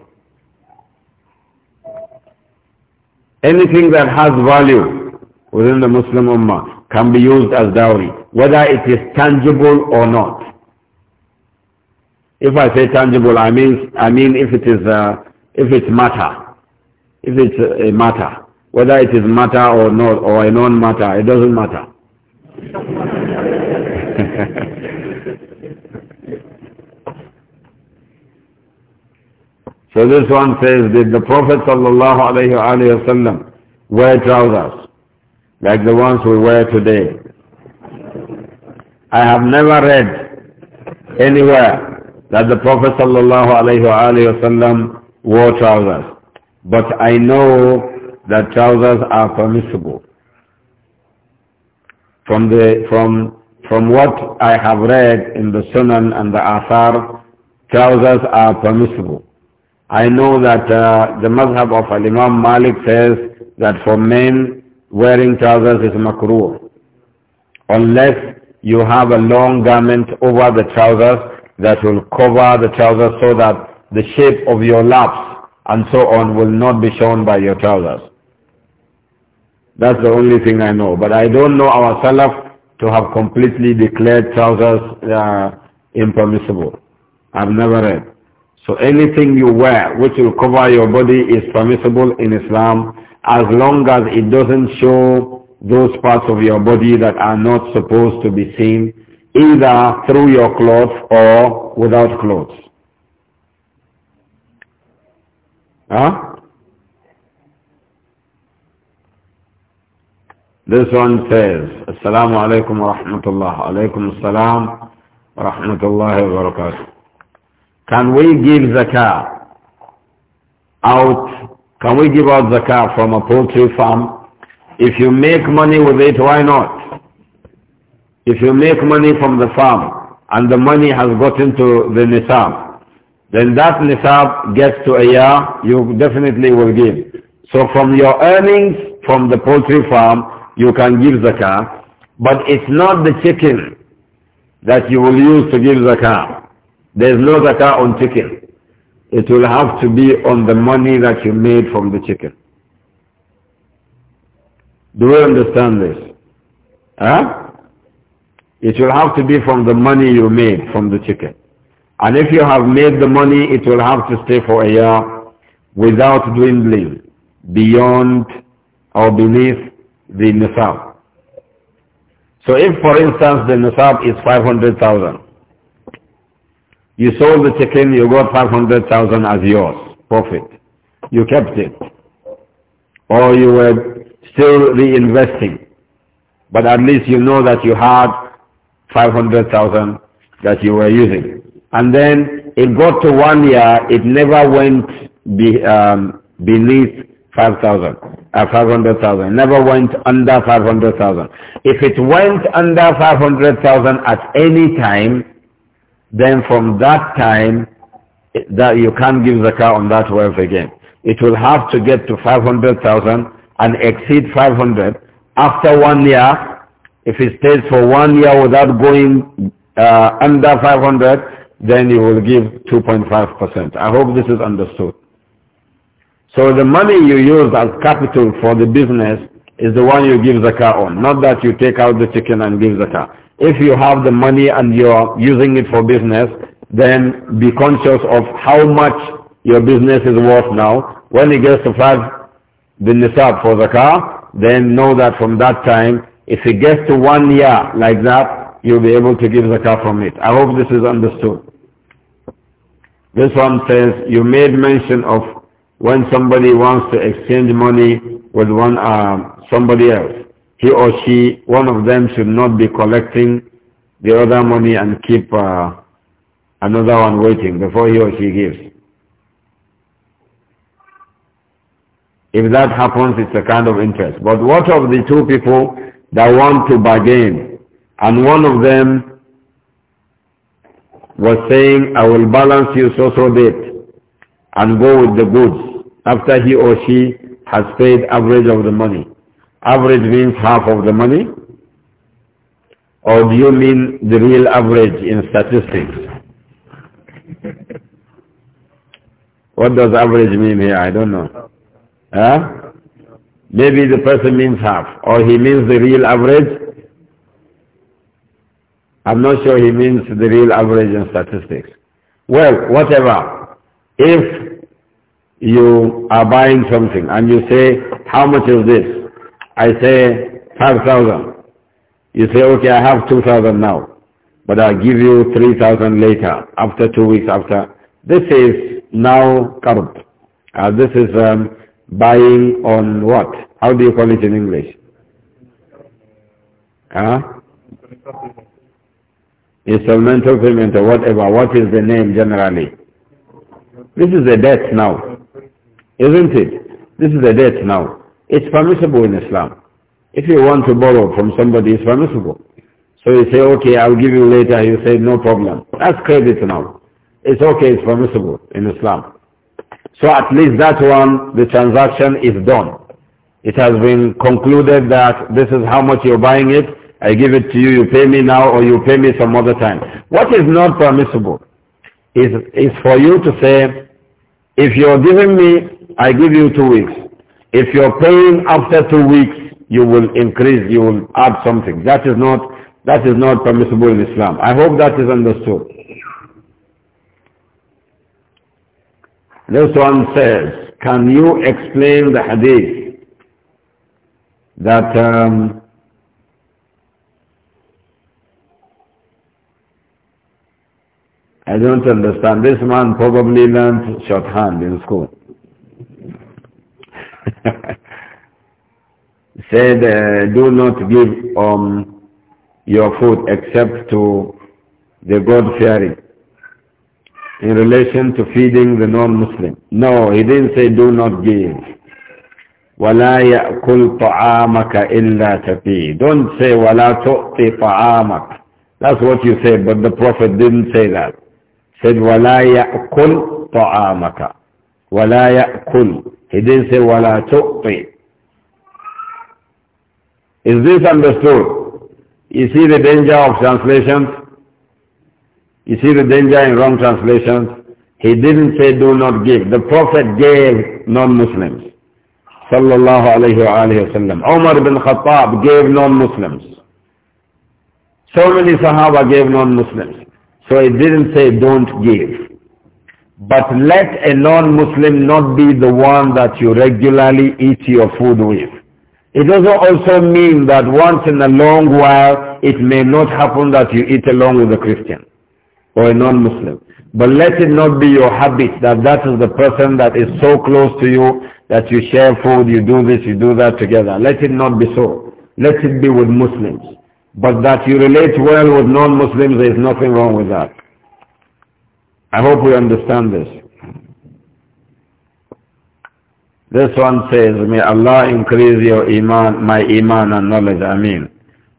Anything that has value within the Muslim Ummah can be used as dowry, whether it is tangible or not. If I say tangible, I mean, I mean if it is, uh, if it's matter, if it's a matter, whether it is matter or not, or a non-matter, it doesn't matter. So this one says, did the Prophet sallallahu wear trousers like the ones we wear today? I have never read anywhere that the Prophet sallallahu wore trousers. But I know that trousers are permissible. From the, from from what I have read in the Sunan and the Athar, trousers are permissible. I know that uh, the madhab of Imam Malik says that for men wearing trousers is makruh. Unless you have a long garment over the trousers that will cover the trousers so that the shape of your laps and so on will not be shown by your trousers. That's the only thing I know. But I don't know our Salaf to have completely declared trousers uh, impermissible. I've never read. So anything you wear which will cover your body is permissible in Islam as long as it doesn't show those parts of your body that are not supposed to be seen either through your clothes or without clothes. Huh? This one says, Assalamu alaikum wa rahmatullah. Alaikum assalam wa rahmatullahi wa barakatuh. Can we give zakah out? Can we give out zakah from a poultry farm? If you make money with it, why not? If you make money from the farm and the money has gotten to the nisab, then that nisab gets to a year, you definitely will give. So from your earnings from the poultry farm, you can give zakah, but it's not the chicken that you will use to give zakah. There is no zakah on chicken. It will have to be on the money that you made from the chicken. Do we understand this? Huh? It will have to be from the money you made from the chicken. And if you have made the money, it will have to stay for a year without dwindling beyond or beneath the nisab. So if, for instance, the nisab is 500,000, you sold the chicken, you got 500,000 as yours, profit. You kept it. Or you were still reinvesting. But at least you know that you had 500,000 that you were using. And then it got to one year, it never went be, um, beneath 5,000, uh, 500,000. Never went under 500,000. If it went under 500,000 at any time, then from that time eh, that you can't give zakah on that wealth again. It will have to get to 500,000 and exceed 500. After one year, if it stays for one year without going uh, under 500, then you will give 2.5%. I hope this is understood. So the money you use as capital for the business is the one you give zakah on, not that you take out the chicken and give zakah. If you have the money and you're using it for business, then be conscious of how much your business is worth now. When it gets to five the nisab for car, then know that from that time, if it gets to one year like that, you'll be able to give the car from it. I hope this is understood. This one says, you made mention of when somebody wants to exchange money with one uh, somebody else he or she, one of them should not be collecting the other money and keep uh, another one waiting before he or she gives. If that happens, it's a kind of interest. But what of the two people that want to bargain and one of them was saying, I will balance you so so date and go with the goods after he or she has paid average of the money. Average means half of the money? Or do you mean the real average in statistics? what does average mean here? I don't know. Huh? Maybe the person means half, or he means the real average. I'm not sure he means the real average in statistics. Well, whatever. If you are buying something and you say, how much is this? I say 5,000. You say, okay, I have 2,000 now, but I'll give you 3,000 later, after two weeks after. This is now qarb. Uh, this is um, buying on what? How do you call it in English? Huh? installment payment or whatever. What is the name generally? This is a debt now. Isn't it? This is a debt now. It's permissible in Islam. If you want to borrow from somebody, it's permissible. So you say, okay, I'll give you later. You say, no problem. That's credit now. It's okay, it's permissible in Islam. So at least that one, the transaction is done. It has been concluded that this is how much you're buying it. I give it to you, you pay me now or you pay me some other time. What is not permissible is, is for you to say, if you're giving me, I give you two weeks. If you're paying after two weeks, you will increase, you will add something. That is not, that is not permissible in Islam. I hope that is understood. This one says, can you explain the hadith that um, I don't understand. This man probably learned shorthand in school. said, uh, do not give um, your food except to the God-fearing in relation to feeding the non-Muslim. No, he didn't say do not give. وَلَا يَأْكُلْ طَعَامَكَ إِلَّا تَقِي Don't say وَلَا تُؤْتِ طَعَامَك That's what you say, but the Prophet didn't say that. He said وَلَا يَأْكُلْ طَعَامَكَ وَلَا يَأْكُلْ He didn't say وَلَا تُؤْتِ is this understood? You see the danger of translations? You see the danger in wrong translations? He didn't say do not give. The Prophet gave non-Muslims. Sallallahu alayhi wa wasallam. Umar ibn Khattab gave non-Muslims. So many Sahaba gave non-Muslims. So he didn't say don't give. But let a non-Muslim not be the one that you regularly eat your food with. It doesn't also mean that once in a long while it may not happen that you eat along with a Christian or a non-Muslim. But let it not be your habit that that is the person that is so close to you that you share food, you do this, you do that together. Let it not be so. Let it be with Muslims. But that you relate well with non-Muslims, there is nothing wrong with that. I hope we understand this. This one says, May Allah increase your iman, my iman and knowledge. mean,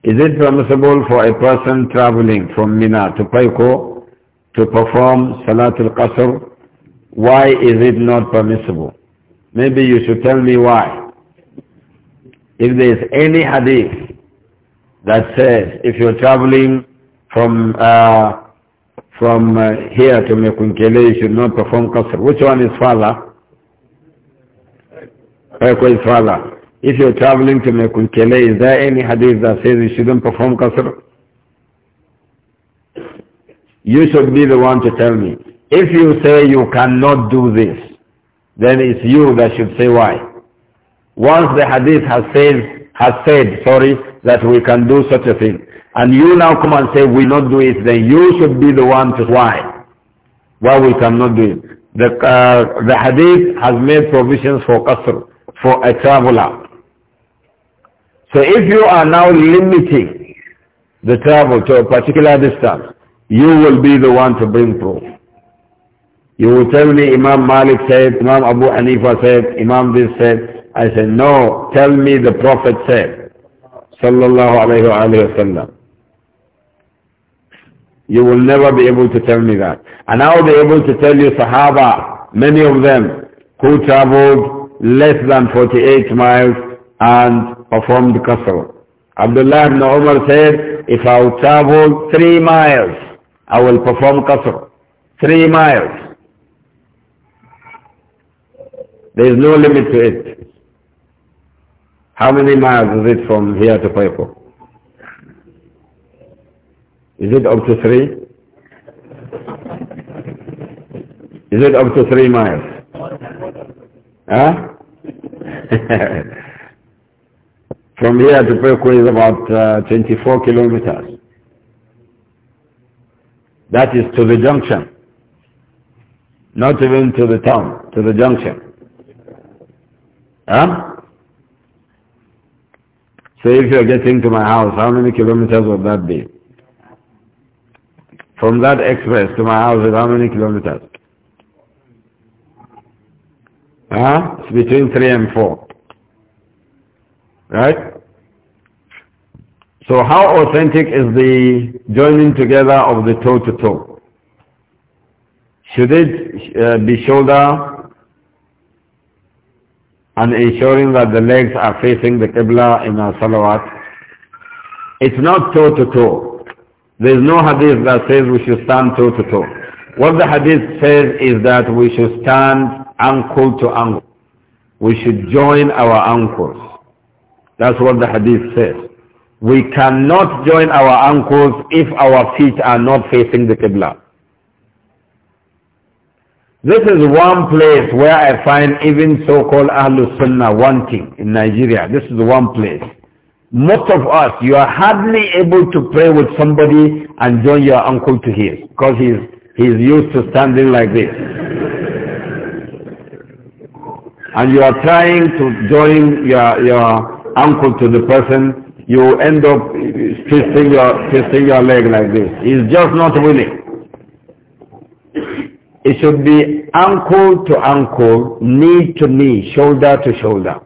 Is it permissible for a person traveling from Mina to Paiko to perform Salatul Qasr? Why is it not permissible? Maybe you should tell me why. If there is any hadith that says if you're traveling from uh, from uh, here to Mekunkele, you should not perform Qasr. Which one is further? Equal father. If you're traveling to Mekunkele, is there any hadith that says you shouldn't perform qasr? You should be the one to tell me. If you say you cannot do this, then it's you that should say why. Once the hadith has said, has said, sorry, that we can do such a thing, and you now come and say we not do it, then you should be the one to why. Why we cannot do it. The, uh, the hadith has made provisions for qasr for a traveler. So if you are now limiting the travel to a particular distance, you will be the one to bring proof. You will tell me Imam Malik said, Imam Abu Hanifa said, Imam this said. I said, no, tell me the Prophet said. Sallallahu alayhi wa, sallam. You will never be able to tell me that. And I will be able to tell you Sahaba, many of them, who traveled less than 48 miles and perform the qasr. Abdullah ibn Umar said, if I will travel three miles, I will perform qasr. Three miles. There is no limit to it. How many miles is it from here to Paipo? Is it up to three? Is it up to three miles? Huh? *laughs* From here to Peku is about uh, 24 kilometers. That is to the junction. Not even to the town, to the junction. Huh? So if you're getting to my house, how many kilometers would that be? From that express to my house is how many kilometers? Huh? It's between 3 and 4. Right? So how authentic is the joining together of the toe to toe? Should it uh, be shoulder and ensuring that the legs are facing the Qibla in our salawat? It's not toe to toe. There's no hadith that says we should stand toe to toe. What the hadith says is that we should stand Uncle to uncle, We should join our uncles. That's what the hadith says. We cannot join our uncles if our feet are not facing the Qibla. This is one place where I find even so-called Ahlul Sunnah wanting in Nigeria. This is one place. Most of us, you are hardly able to pray with somebody and join your uncle to his because he's, he's used to standing like this and you are trying to join your, your ankle to the person, you end up twisting your, twisting your leg like this. He's just not willing. It should be ankle to ankle, knee to knee, shoulder to shoulder.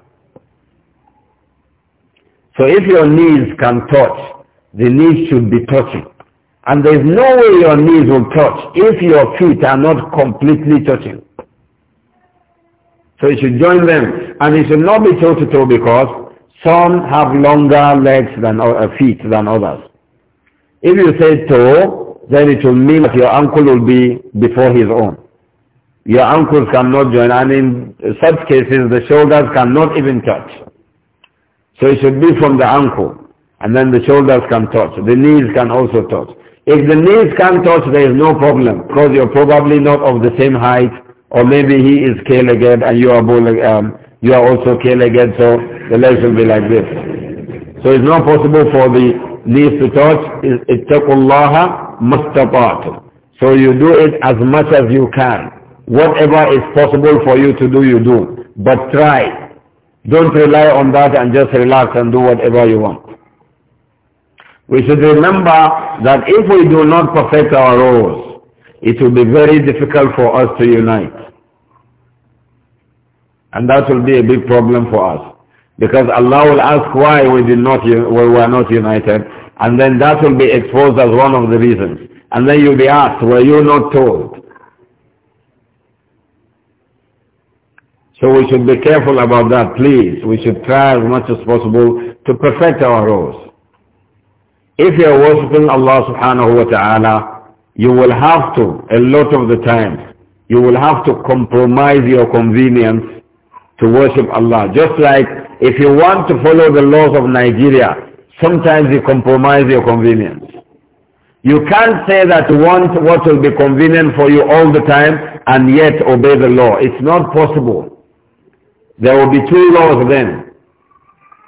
So if your knees can touch, the knees should be touching. And there's no way your knees will touch if your feet are not completely touching. So you should join them. And it should not be toe-to-toe because some have longer legs than uh, feet than others. If you say toe, then it will mean that your uncle will be before his own. Your ankles cannot join and in such cases the shoulders cannot even touch. So it should be from the ankle and then the shoulders can touch. The knees can also touch. If the knees can touch, there is no problem because you're probably not of the same height or maybe he is again, and you are also um, you are also so the legs will be like this. So it's not possible for the leaves to touch. Ittaqullaha mustata'at. So you do it as much as you can. Whatever is possible for you to do, you do. But try. Don't rely on that and just relax and do whatever you want. We should remember that if we do not perfect our roles, it will be very difficult for us to unite. And that will be a big problem for us. Because Allah will ask why we did not, we were not united. And then that will be exposed as one of the reasons. And then you'll be asked, were you not told? So we should be careful about that, please. We should try as much as possible to perfect our roles. If you are worshipping Allah subhanahu wa ta'ala, you will have to, a lot of the times. you will have to compromise your convenience to worship Allah. Just like if you want to follow the laws of Nigeria, sometimes you compromise your convenience. You can't say that you want what will be convenient for you all the time and yet obey the law. It's not possible. There will be two laws then.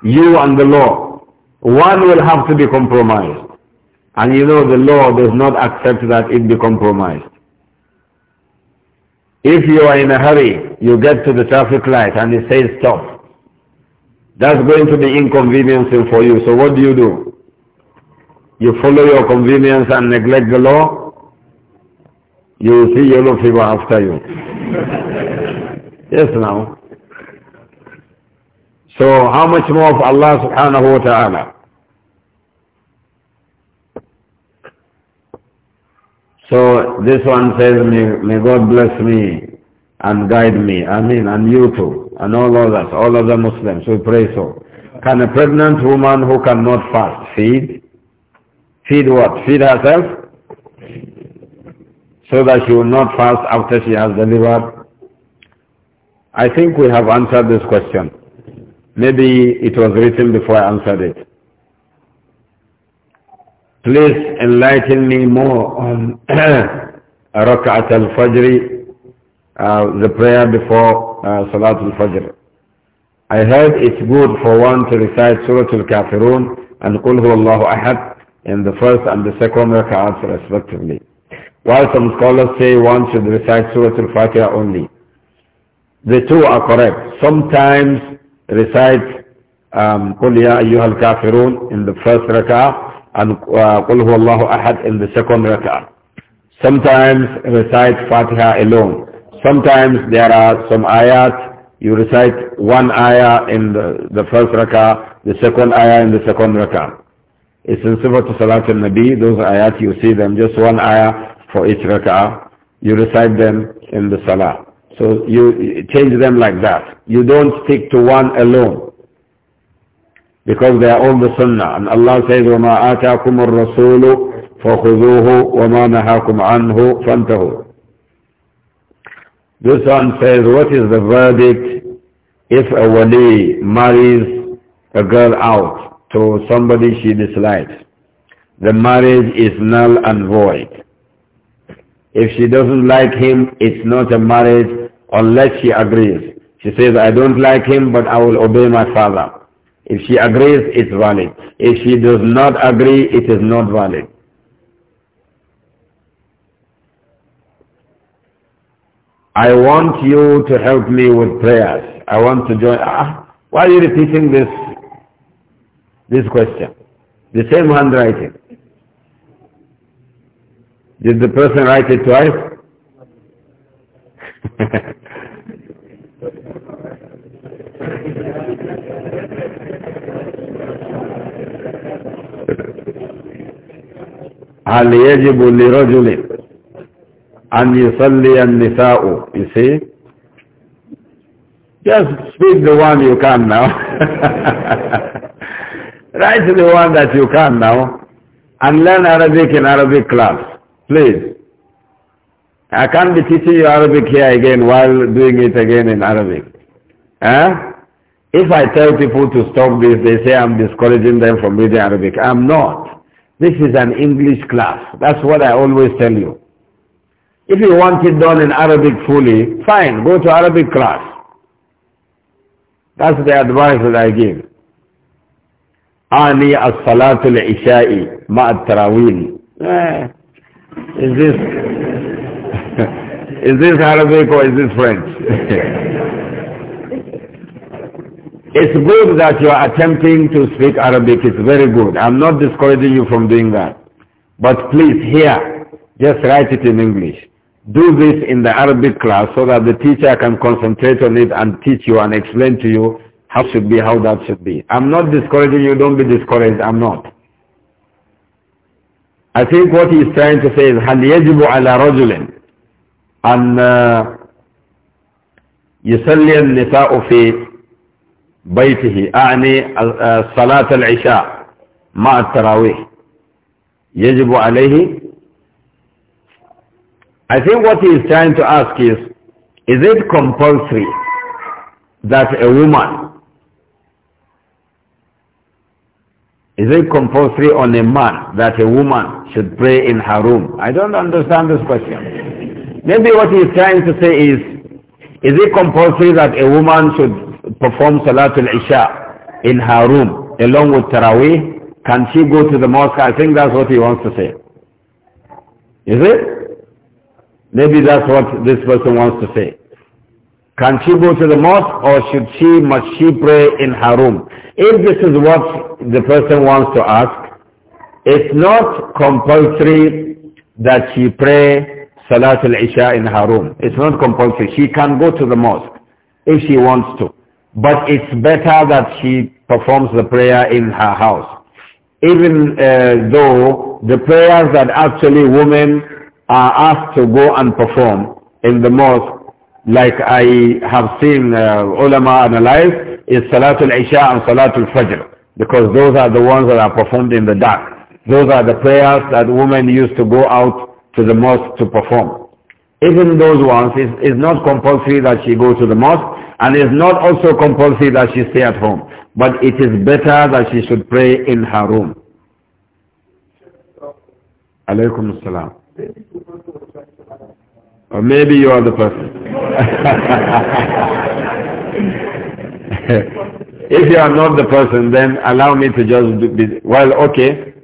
You and the law. One will have to be compromised. And you know the law does not accept that it be compromised. If you are in a hurry, you get to the traffic light and it says stop. That's going to be inconveniencing for you. So what do you do? You follow your convenience and neglect the law, you will see yellow fever after you. *laughs* yes now. So how much more of Allah subhanahu wa ta'ala? So this one says, may, may God bless me and guide me. I mean, and you too, and all of us, all of the Muslims. We pray so. Can a pregnant woman who cannot fast feed? Feed what? Feed herself? So that she will not fast after she has delivered? I think we have answered this question. Maybe it was written before I answered it. Please enlighten me more on *clears throat* Rak'at al-Fajr, uh, the prayer before uh, Salat al-Fajr. I heard it's good for one to recite Surah al-Kafirun and Qul Allahu Ahad in the first and the second rak'ats respectively. While some scholars say one should recite Surah al-Fatiha only. The two are correct. Sometimes recite um, Qul Ya Ayyuhal Kafirun in the first rakat and Qul Huwallahu Ahad in the second rak'ah. Sometimes recite Fatiha alone. Sometimes there are some ayat, you recite one ayah in the, the first rak'ah, the second ayah in the second rak'ah. It's in Sifat Salat al-Nabi, those ayat you see them, just one ayah for each rak'ah. You recite them in the salah. So you change them like that. You don't stick to one alone because they are all the sunnah. And Allah says, وَمَا آتَاكُمُ الرَّسُولُ فَخُذُوهُ وَمَا نَهَاكُمْ عَنْهُ فَانْتَهُوا This one says, what is the verdict if a wali marries a girl out to somebody she dislikes? The marriage is null and void. If she doesn't like him, it's not a marriage unless she agrees. She says, I don't like him, but I will obey my father. If she agrees, it's valid. If she does not agree, it is not valid. I want you to help me with prayers. I want to join. Ah, why are you repeating this, this question? The same handwriting. Did the person write it twice? *laughs* هل يجب لرجل أن يصلي النساء you see just speak the one you can now *laughs* write the one that you can now and learn Arabic in Arabic class please I can't be teaching you Arabic here again while doing it again in Arabic eh? if I tell people to stop this they say I'm discouraging them from reading Arabic I'm not this is an English class. That's what I always tell you. If you want it done in Arabic fully, fine, go to Arabic class. That's the advice that I give. آني الصلاة العشاء مع التراويل. Is this *laughs* is this Arabic or is this French? *laughs* It's good that you are attempting to speak Arabic. It's very good. I'm not discouraging you from doing that. But please, here, just write it in English. Do this in the Arabic class so that the teacher can concentrate on it and teach you and explain to you how should be, how that should be. I'm not discouraging you. Don't be discouraged. I'm not. I think what he's trying to say is هل يجب على رجل أن يصلي النساء في بيته أعني صلاة العشاء مع التراويح يجب عليه I think what he is trying to ask is is it compulsory that a woman Is it compulsory on a man that a woman should pray in her room? I don't understand this question. Maybe what he is trying to say is, is it compulsory that a woman should perform Salatul Isha in her room along with Taraweeh, can she go to the mosque? I think that's what he wants to say. Is it? Maybe that's what this person wants to say. Can she go to the mosque or should she, must she pray in her room? If this is what the person wants to ask, it's not compulsory that she pray Salatul Isha in her room. It's not compulsory. She can go to the mosque if she wants to. But it's better that she performs the prayer in her house. Even uh, though the prayers that actually women are asked to go and perform in the mosque, like I have seen uh, ulama analyze, is Salatul Isha and Salatul Fajr. Because those are the ones that are performed in the dark. Those are the prayers that women used to go out to the mosque to perform. Even those ones, it's, it's not compulsory that she go to the mosque. And it's not also compulsory that she stay at home. But it is better that she should pray in her room. Alaykum salam. Or maybe you are the person. *laughs* if you are not the person, then allow me to just be, well, okay.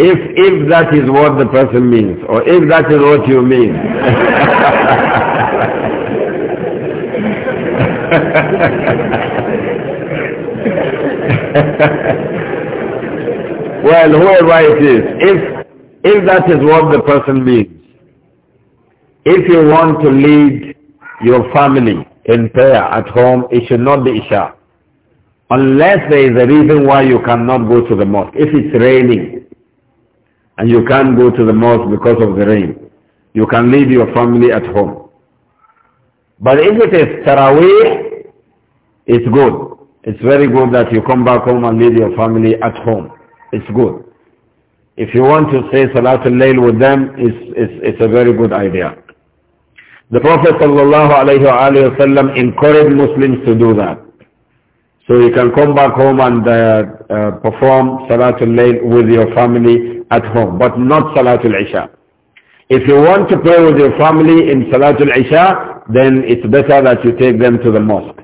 If, if that is what the person means, or if that is what you mean. *laughs* well, whoever it is, if, if that is what the person means, if you want to lead your family in prayer at home, it should not be Isha. Unless there is a reason why you cannot go to the mosque. If it's raining and you can't go to the mosque because of the rain, you can leave your family at home. But if it is Taraweeh, it's good. It's very good that you come back home and leave your family at home. It's good. If you want to say Salatul Layl with them, it's, it's, it's a very good idea. The Prophet ﷺ alayhi wa encouraged Muslims to do that. So you can come back home and uh, uh, perform Salatul Layl with your family at home, but not Salatul Isha. If you want to pray with your family in Salatul Isha, then it's better that you take them to the mosque.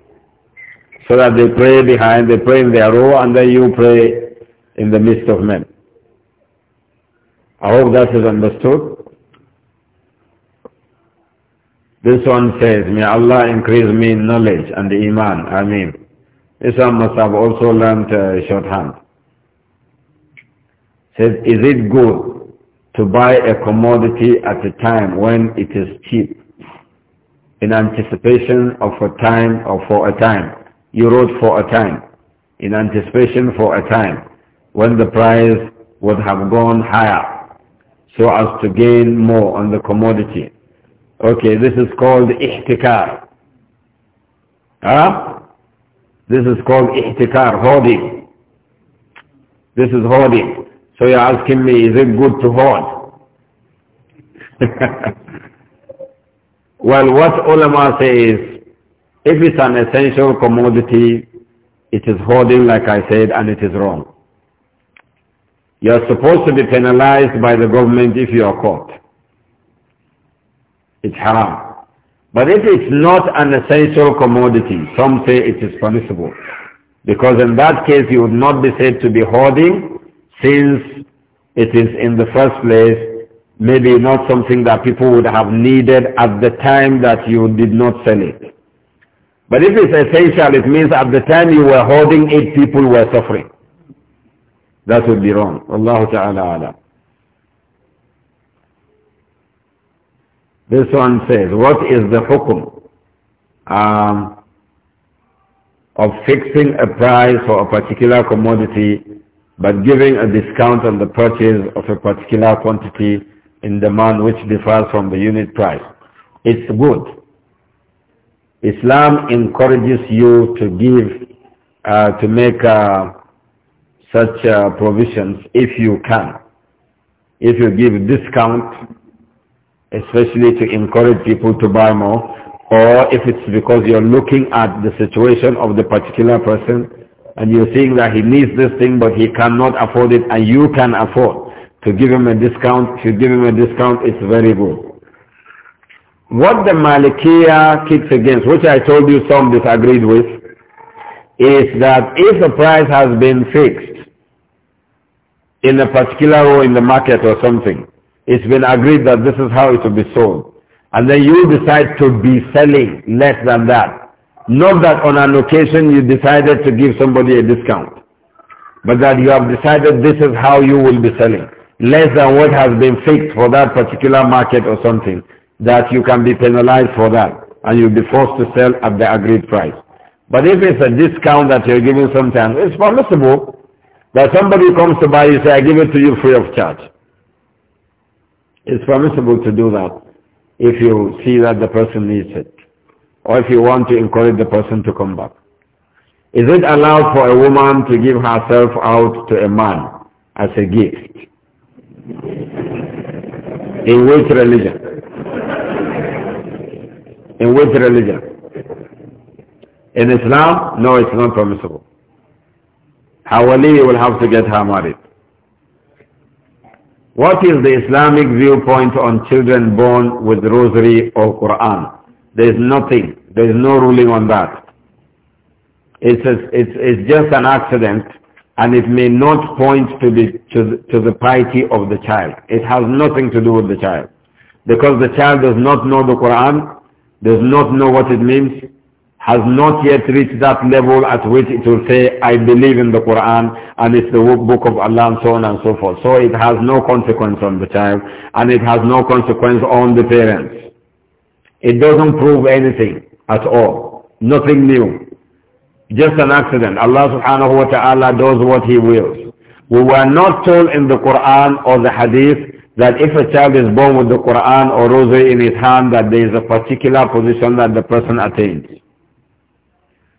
So that they pray behind, they pray in their row, and then you pray in the midst of men. I hope that is understood. This one says, May Allah increase me in knowledge and iman. Ameen. Islam must have also learned uh, shorthand. Says, is it good to buy a commodity at a time when it is cheap in anticipation of a time or for a time? You wrote for a time, in anticipation for a time when the price would have gone higher so as to gain more on the commodity. Okay, this is called ihtikar. Huh? This is called ihtikar, hoarding. This is hoarding. So you're asking me, is it good to hoard? *laughs* well, what ulama say is, if it's an essential commodity, it is hoarding like I said and it is wrong. You're supposed to be penalized by the government if you are caught. It's haram. But if it's not an essential commodity, some say it is permissible. Because in that case you would not be said to be hoarding since it is in the first place maybe not something that people would have needed at the time that you did not sell it. But if it's essential, it means at the time you were hoarding it, people were suffering. That would be wrong. Allah Ta'ala This one says, what is the hukum um, of fixing a price for a particular commodity but giving a discount on the purchase of a particular quantity in demand which differs from the unit price? It's good. Islam encourages you to give, uh, to make uh, such uh, provisions if you can. If you give discount especially to encourage people to buy more, or if it's because you're looking at the situation of the particular person and you're seeing that he needs this thing but he cannot afford it and you can afford to give him a discount, if you give him a discount, it's very good. What the Malikiya kicks against, which I told you some disagreed with, is that if the price has been fixed in a particular row in the market or something, it's been agreed that this is how it will be sold. And then you decide to be selling less than that. Not that on an occasion you decided to give somebody a discount, but that you have decided this is how you will be selling. Less than what has been fixed for that particular market or something, that you can be penalized for that and you'll be forced to sell at the agreed price. But if it's a discount that you're giving sometimes, it's permissible that somebody comes to buy you, say, I give it to you free of charge. It's permissible to do that if you see that the person needs it or if you want to encourage the person to come back. Is it allowed for a woman to give herself out to a man as a gift? In which religion? In which religion? In Islam? No, it's not permissible. Her wali will have to get her married. What is the Islamic viewpoint on children born with rosary or Quran? There is nothing. There is no ruling on that. It's, a, it's, it's just an accident and it may not point to the, to, the, to the piety of the child. It has nothing to do with the child. Because the child does not know the Quran, does not know what it means, has not yet reached that level at which it will say, I believe in the Quran and it's the book of Allah and so on and so forth. So it has no consequence on the child and it has no consequence on the parents. It doesn't prove anything at all. Nothing new. Just an accident. Allah subhanahu wa ta'ala does what he wills. We were not told in the Quran or the Hadith that if a child is born with the Quran or rosary in his hand that there is a particular position that the person attains.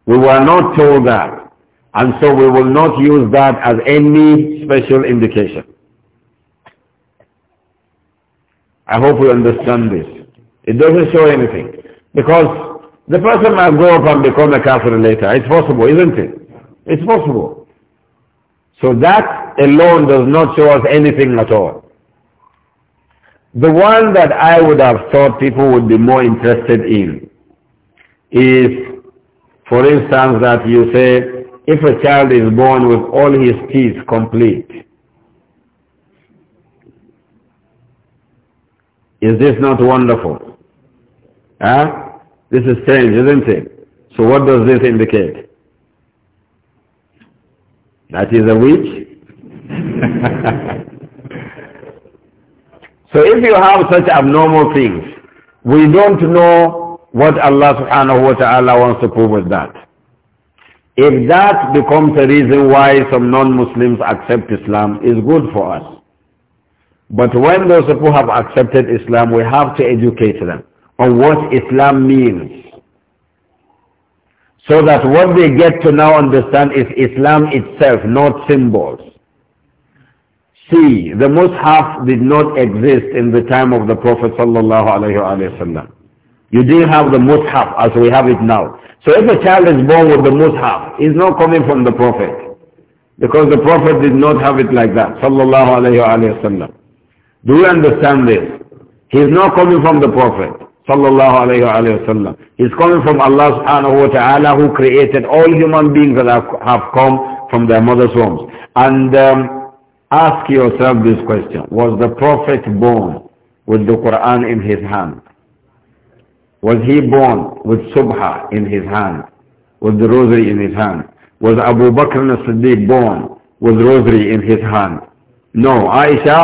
We were not told that. And so we will not use that as any special indication. I hope you understand this. It doesn't show anything. Because the person might grow up and become a kafir later. It's possible, isn't it? It's possible. So that alone does not show us anything at all. The one that I would have thought people would be more interested in is for instance, that you say, if a child is born with all his teeth complete, is this not wonderful? Huh? This is strange, isn't it? So what does this indicate? That is a witch? *laughs* so if you have such abnormal things, we don't know what Allah subhanahu wa ta'ala wants to prove with that. If that becomes a reason why some non-Muslims accept Islam, is good for us. But when those people have accepted Islam, we have to educate them on what Islam means. So that what they get to now understand is Islam itself, not symbols. See, the Mus'haf did not exist in the time of the Prophet sallallahu alayhi wasallam. You didn't have the mushaf as we have it now. So if a child is born with the mushaf, it's not coming from the Prophet. Because the Prophet did not have it like that. Sallallahu alayhi wa sallam. Do you understand this? He's not coming from the Prophet. Sallallahu alayhi wa sallam. He's coming from Allah subhanahu wa ta'ala who created all human beings that have, come from their mother's wombs. And um, ask yourself this question. Was the Prophet born with the Quran in his hand? Was he born with subha in his hand, with the rosary in his hand? Was Abu Bakr as-Siddiq born with rosary in his hand? No. Aisha?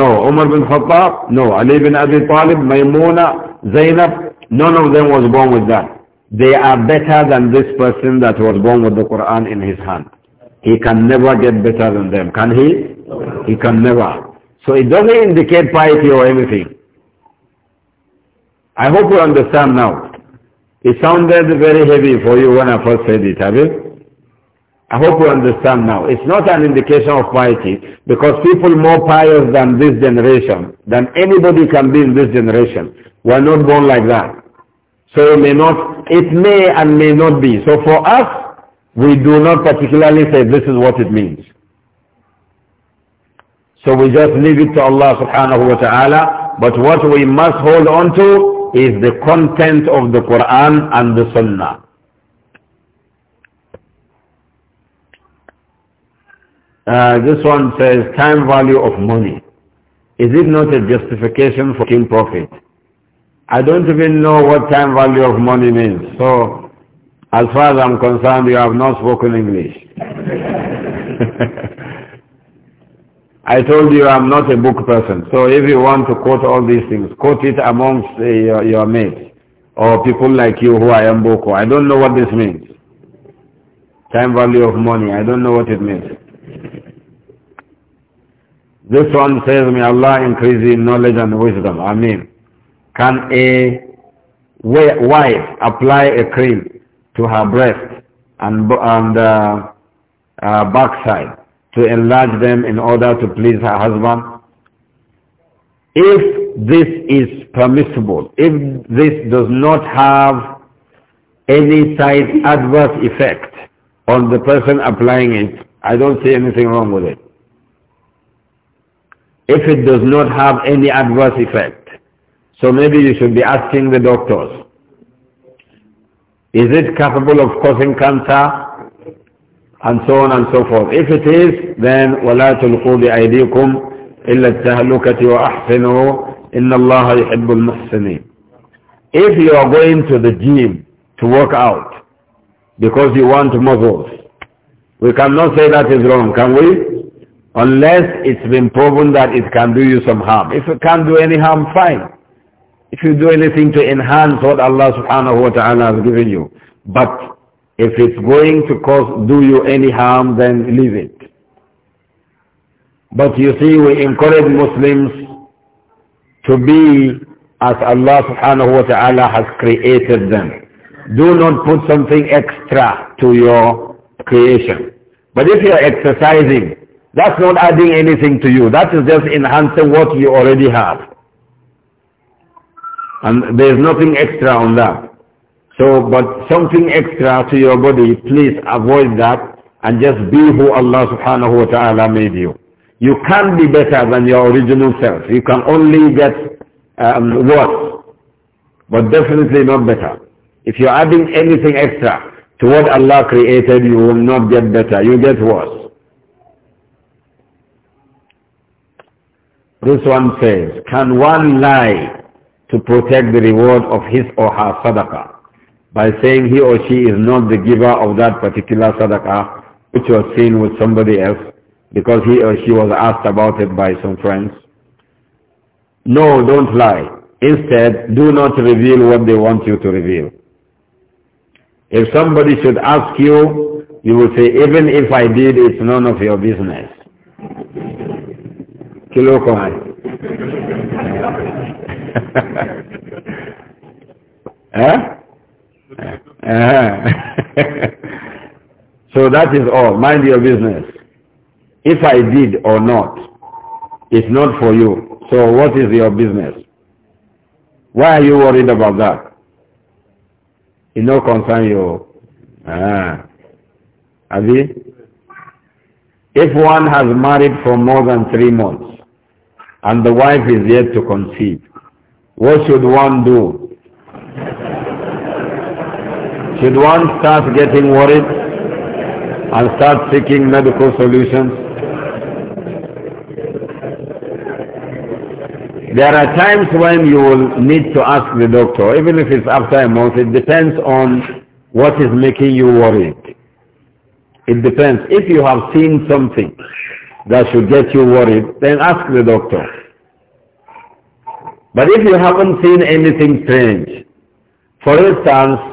No. Umar bin Khattab? No. Ali bin Abi Talib, Maymuna, Zainab? None of them was born with that. They are better than this person that was born with the Quran in his hand. He can never get better than them. Can he? He can never. So it doesn't indicate piety or anything. I hope you understand now. It sounded very heavy for you when I first said it, have you? I hope you understand now. It's not an indication of piety because people more pious than this generation, than anybody can be in this generation, were not born like that. So it may not, it may and may not be. So for us, we do not particularly say this is what it means. So we just leave it to Allah subhanahu wa ta'ala. But what we must hold on to is the content of the Quran and the Sunnah. Uh, this one says time value of money. Is it not a justification for king profit? I don't even know what time value of money means. So, as far as I'm concerned, you have not spoken English. *laughs* I told you I'm not a book person. So if you want to quote all these things, quote it amongst uh, your, your mates or people like you who are Mboko. I don't know what this means. Time value of money. I don't know what it means. This one says, may Allah increase in knowledge and wisdom. mean, Can a wife apply a cream to her breast and, and uh, uh, backside to enlarge them in order to please her husband? If this is permissible, if this does not have any side adverse effect on the person applying it, I don't see anything wrong with it. If it does not have any adverse effect, so maybe you should be asking the doctors, is it capable of causing cancer? and so on and so forth. If it is, then وَلَا تُلْقُوا بِأَيْدِيكُمْ إِلَّا التَّهْلُكَةِ وَأَحْسِنُوا إِنَّ اللَّهَ يُحِبُّ الْمُحْسِنِينَ If you are going to the gym to work out because you want muscles, we cannot say that is wrong, can we? Unless it's been proven that it can do you some harm. If it can't do any harm, fine. If you do anything to enhance what Allah subhanahu wa ta'ala has given you. But if it's going to cause, do you any harm, then leave it. But you see, we encourage Muslims to be as Allah subhanahu wa ta'ala has created them. Do not put something extra to your creation. But if you are exercising, that's not adding anything to you. That is just enhancing what you already have. And there is nothing extra on that. So, but something extra to your body, please avoid that and just be who Allah subhanahu wa ta'ala made you. You can't be better than your original self. You can only get um, worse, but definitely not better. If you're adding anything extra to what Allah created, you will not get better. You get worse. This one says, can one lie to protect the reward of his or her sadaqah? by saying he or she is not the giver of that particular sadaqah which was seen with somebody else because he or she was asked about it by some friends. No, don't lie. Instead, do not reveal what they want you to reveal. If somebody should ask you, you will say, even if I did, it's none of your business. Kilo *laughs* *laughs* so that is all. Mind your business. If I did or not, it's not for you. So what is your business? Why are you worried about that? It no concern you. Ah. Abi? If one has married for more than three months and the wife is yet to conceive, what should one do? Should one start getting worried and start seeking medical solutions? There are times when you will need to ask the doctor, even if it's after a month, it depends on what is making you worried. It depends. If you have seen something that should get you worried, then ask the doctor. But if you haven't seen anything strange, for instance,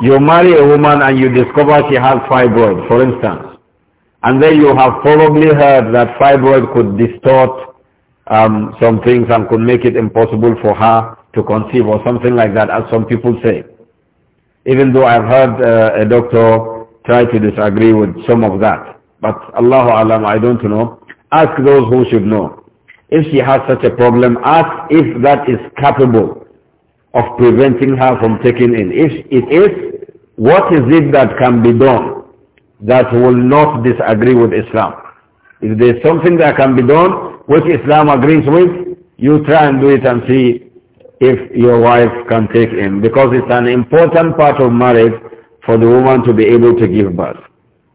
you marry a woman and you discover she has fibroid, for instance. And then you have probably heard that fibroid could distort um, some things and could make it impossible for her to conceive or something like that, as some people say. Even though I've heard uh, a doctor try to disagree with some of that. But Allahu Alam, I don't know. Ask those who should know. If she has such a problem, ask if that is capable of preventing her from taking in. If it is, what is it that can be done that will not disagree with Islam? If there's something that can be done which Islam agrees with, you try and do it and see if your wife can take in. Because it's an important part of marriage for the woman to be able to give birth.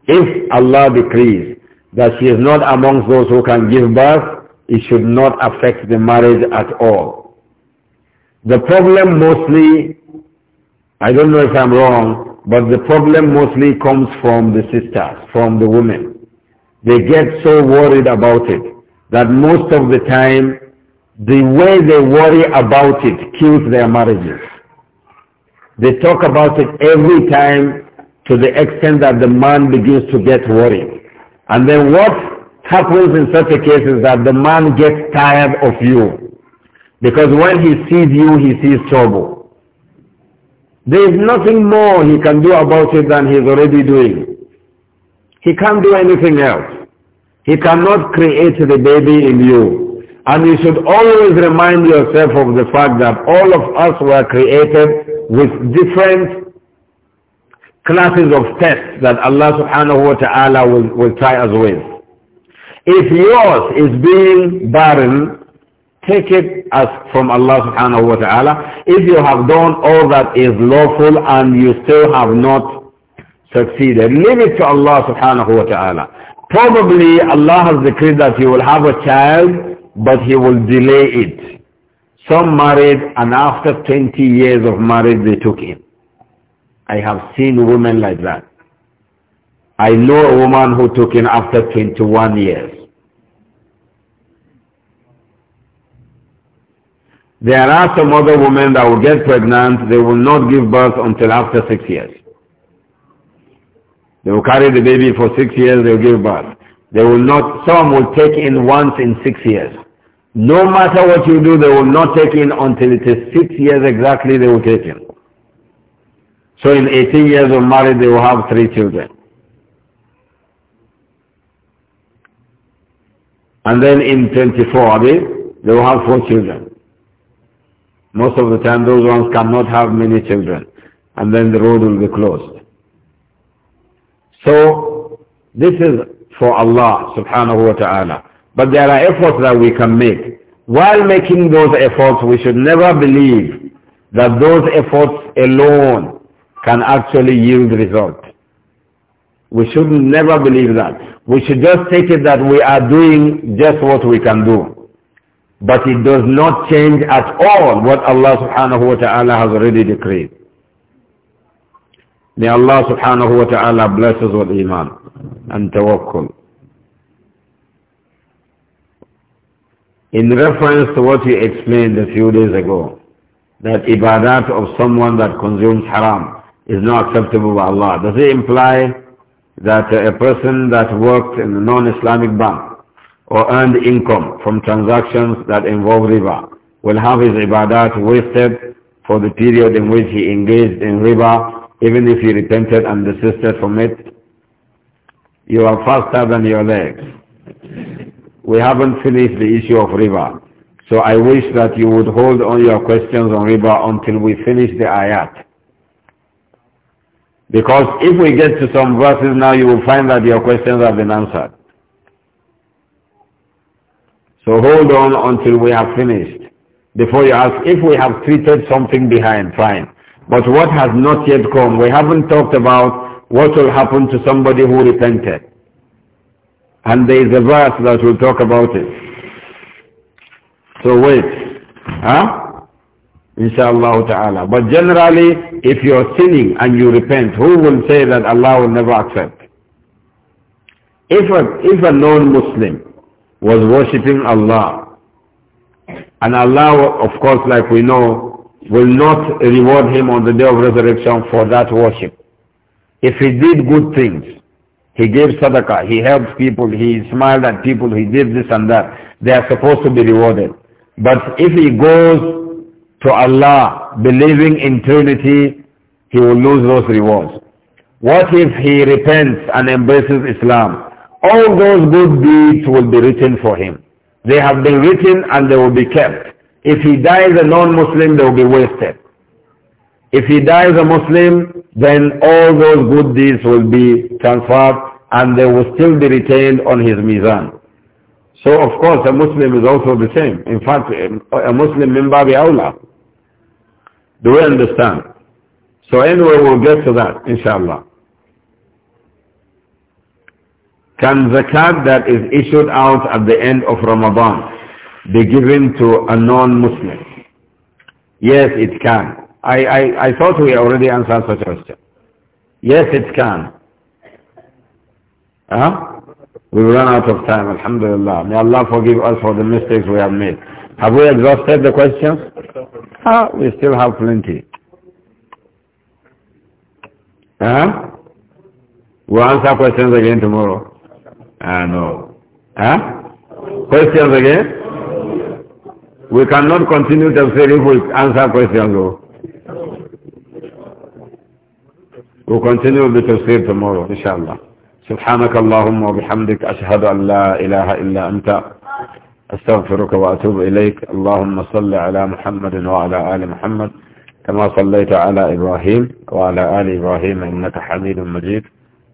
If Allah decrees that she is not amongst those who can give birth, it should not affect the marriage at all. The problem mostly, I don't know if I'm wrong, but the problem mostly comes from the sisters, from the women. They get so worried about it that most of the time, the way they worry about it kills their marriages. They talk about it every time to the extent that the man begins to get worried. And then what happens in such a case is that the man gets tired of you because when he sees you, he sees trouble. There is nothing more he can do about it than he is already doing. He can't do anything else. He cannot create the baby in you. And you should always remind yourself of the fact that all of us were created with different classes of tests that Allah subhanahu wa ta'ala will, will try us with. If yours is being barren, take it as from Allah subhanahu wa ta'ala. If you have done all that is lawful and you still have not succeeded, leave it to Allah subhanahu wa ta'ala. Probably Allah has decreed that you will have a child, but he will delay it. Some married and after 20 years of marriage they took him. I have seen women like that. I know a woman who took him after 21 years. There are some other women that will get pregnant, they will not give birth until after six years. They will carry the baby for six years, they will give birth. They will not, some will take in once in six years. No matter what you do, they will not take in until it is six years exactly they will take in. So in 18 years of marriage, they will have three children. And then in 24, they will have four children. Most of the time those ones cannot have many children and then the road will be closed. So this is for Allah subhanahu wa ta'ala. But there are efforts that we can make. While making those efforts, we should never believe that those efforts alone can actually yield result. We should never believe that. We should just take it that we are doing just what we can do. But it does not change at all what Allah subhanahu wa ta'ala has already decreed. May Allah subhanahu wa ta'ala bless us with iman and tawakkul. In reference to what you explained a few days ago, that ibadat of someone that consumes haram is not acceptable by Allah, does it imply that a person that worked in a non-Islamic bank or earned income from transactions that involve riba will have his ibadat wasted for the period in which he engaged in riba, even if he repented and desisted from it. You are faster than your legs. We haven't finished the issue of riba. So I wish that you would hold on your questions on riba until we finish the ayat. Because if we get to some verses now, you will find that your questions have been answered. So hold on until we have finished. Before you ask, if we have treated something behind, fine. But what has not yet come, we haven't talked about what will happen to somebody who repented. And there is a verse that will talk about it. So wait. Huh? Inshallah ta'ala. But generally, if you're sinning and you repent, who will say that Allah will never accept? If a, if a Muslim was worshipping Allah. And Allah, of course, like we know, will not reward him on the day of resurrection for that worship. If he did good things, he gave sadaqah, he helped people, he smiled at people, he did this and that, they are supposed to be rewarded. But if he goes to Allah believing in Trinity, he will lose those rewards. What if he repents and embraces Islam? all those good deeds will be written for him. They have been written and they will be kept. If he dies a non-Muslim, they will be wasted. If he dies a Muslim, then all those good deeds will be transferred and they will still be retained on his mizan. So of course a Muslim is also the same. In fact, a Muslim min babi awla. Do we understand? So anyway, we'll get to that, inshallah. Can zakat that is issued out at the end of Ramadan be given to a non-Muslim? Yes, it can. I, I, I thought we already answered such a question. Yes, it can. Huh? We've run out of time, alhamdulillah. May Allah forgive us for the mistakes we have made. Have we exhausted the questions? Ah, we still have plenty. Huh? We'll answer questions again tomorrow. Ah, no. Questions again? We cannot continue to say if we answer questions. We'll continue with the tafsir tomorrow, inshallah. سبحانك اللهم وبحمدك أشهد أن لا إله إلا أنت أستغفرك وأتوب إليك اللهم صل على محمد وعلى آل محمد كما صليت على إبراهيم وعلى آل إبراهيم إنك حميد مجيد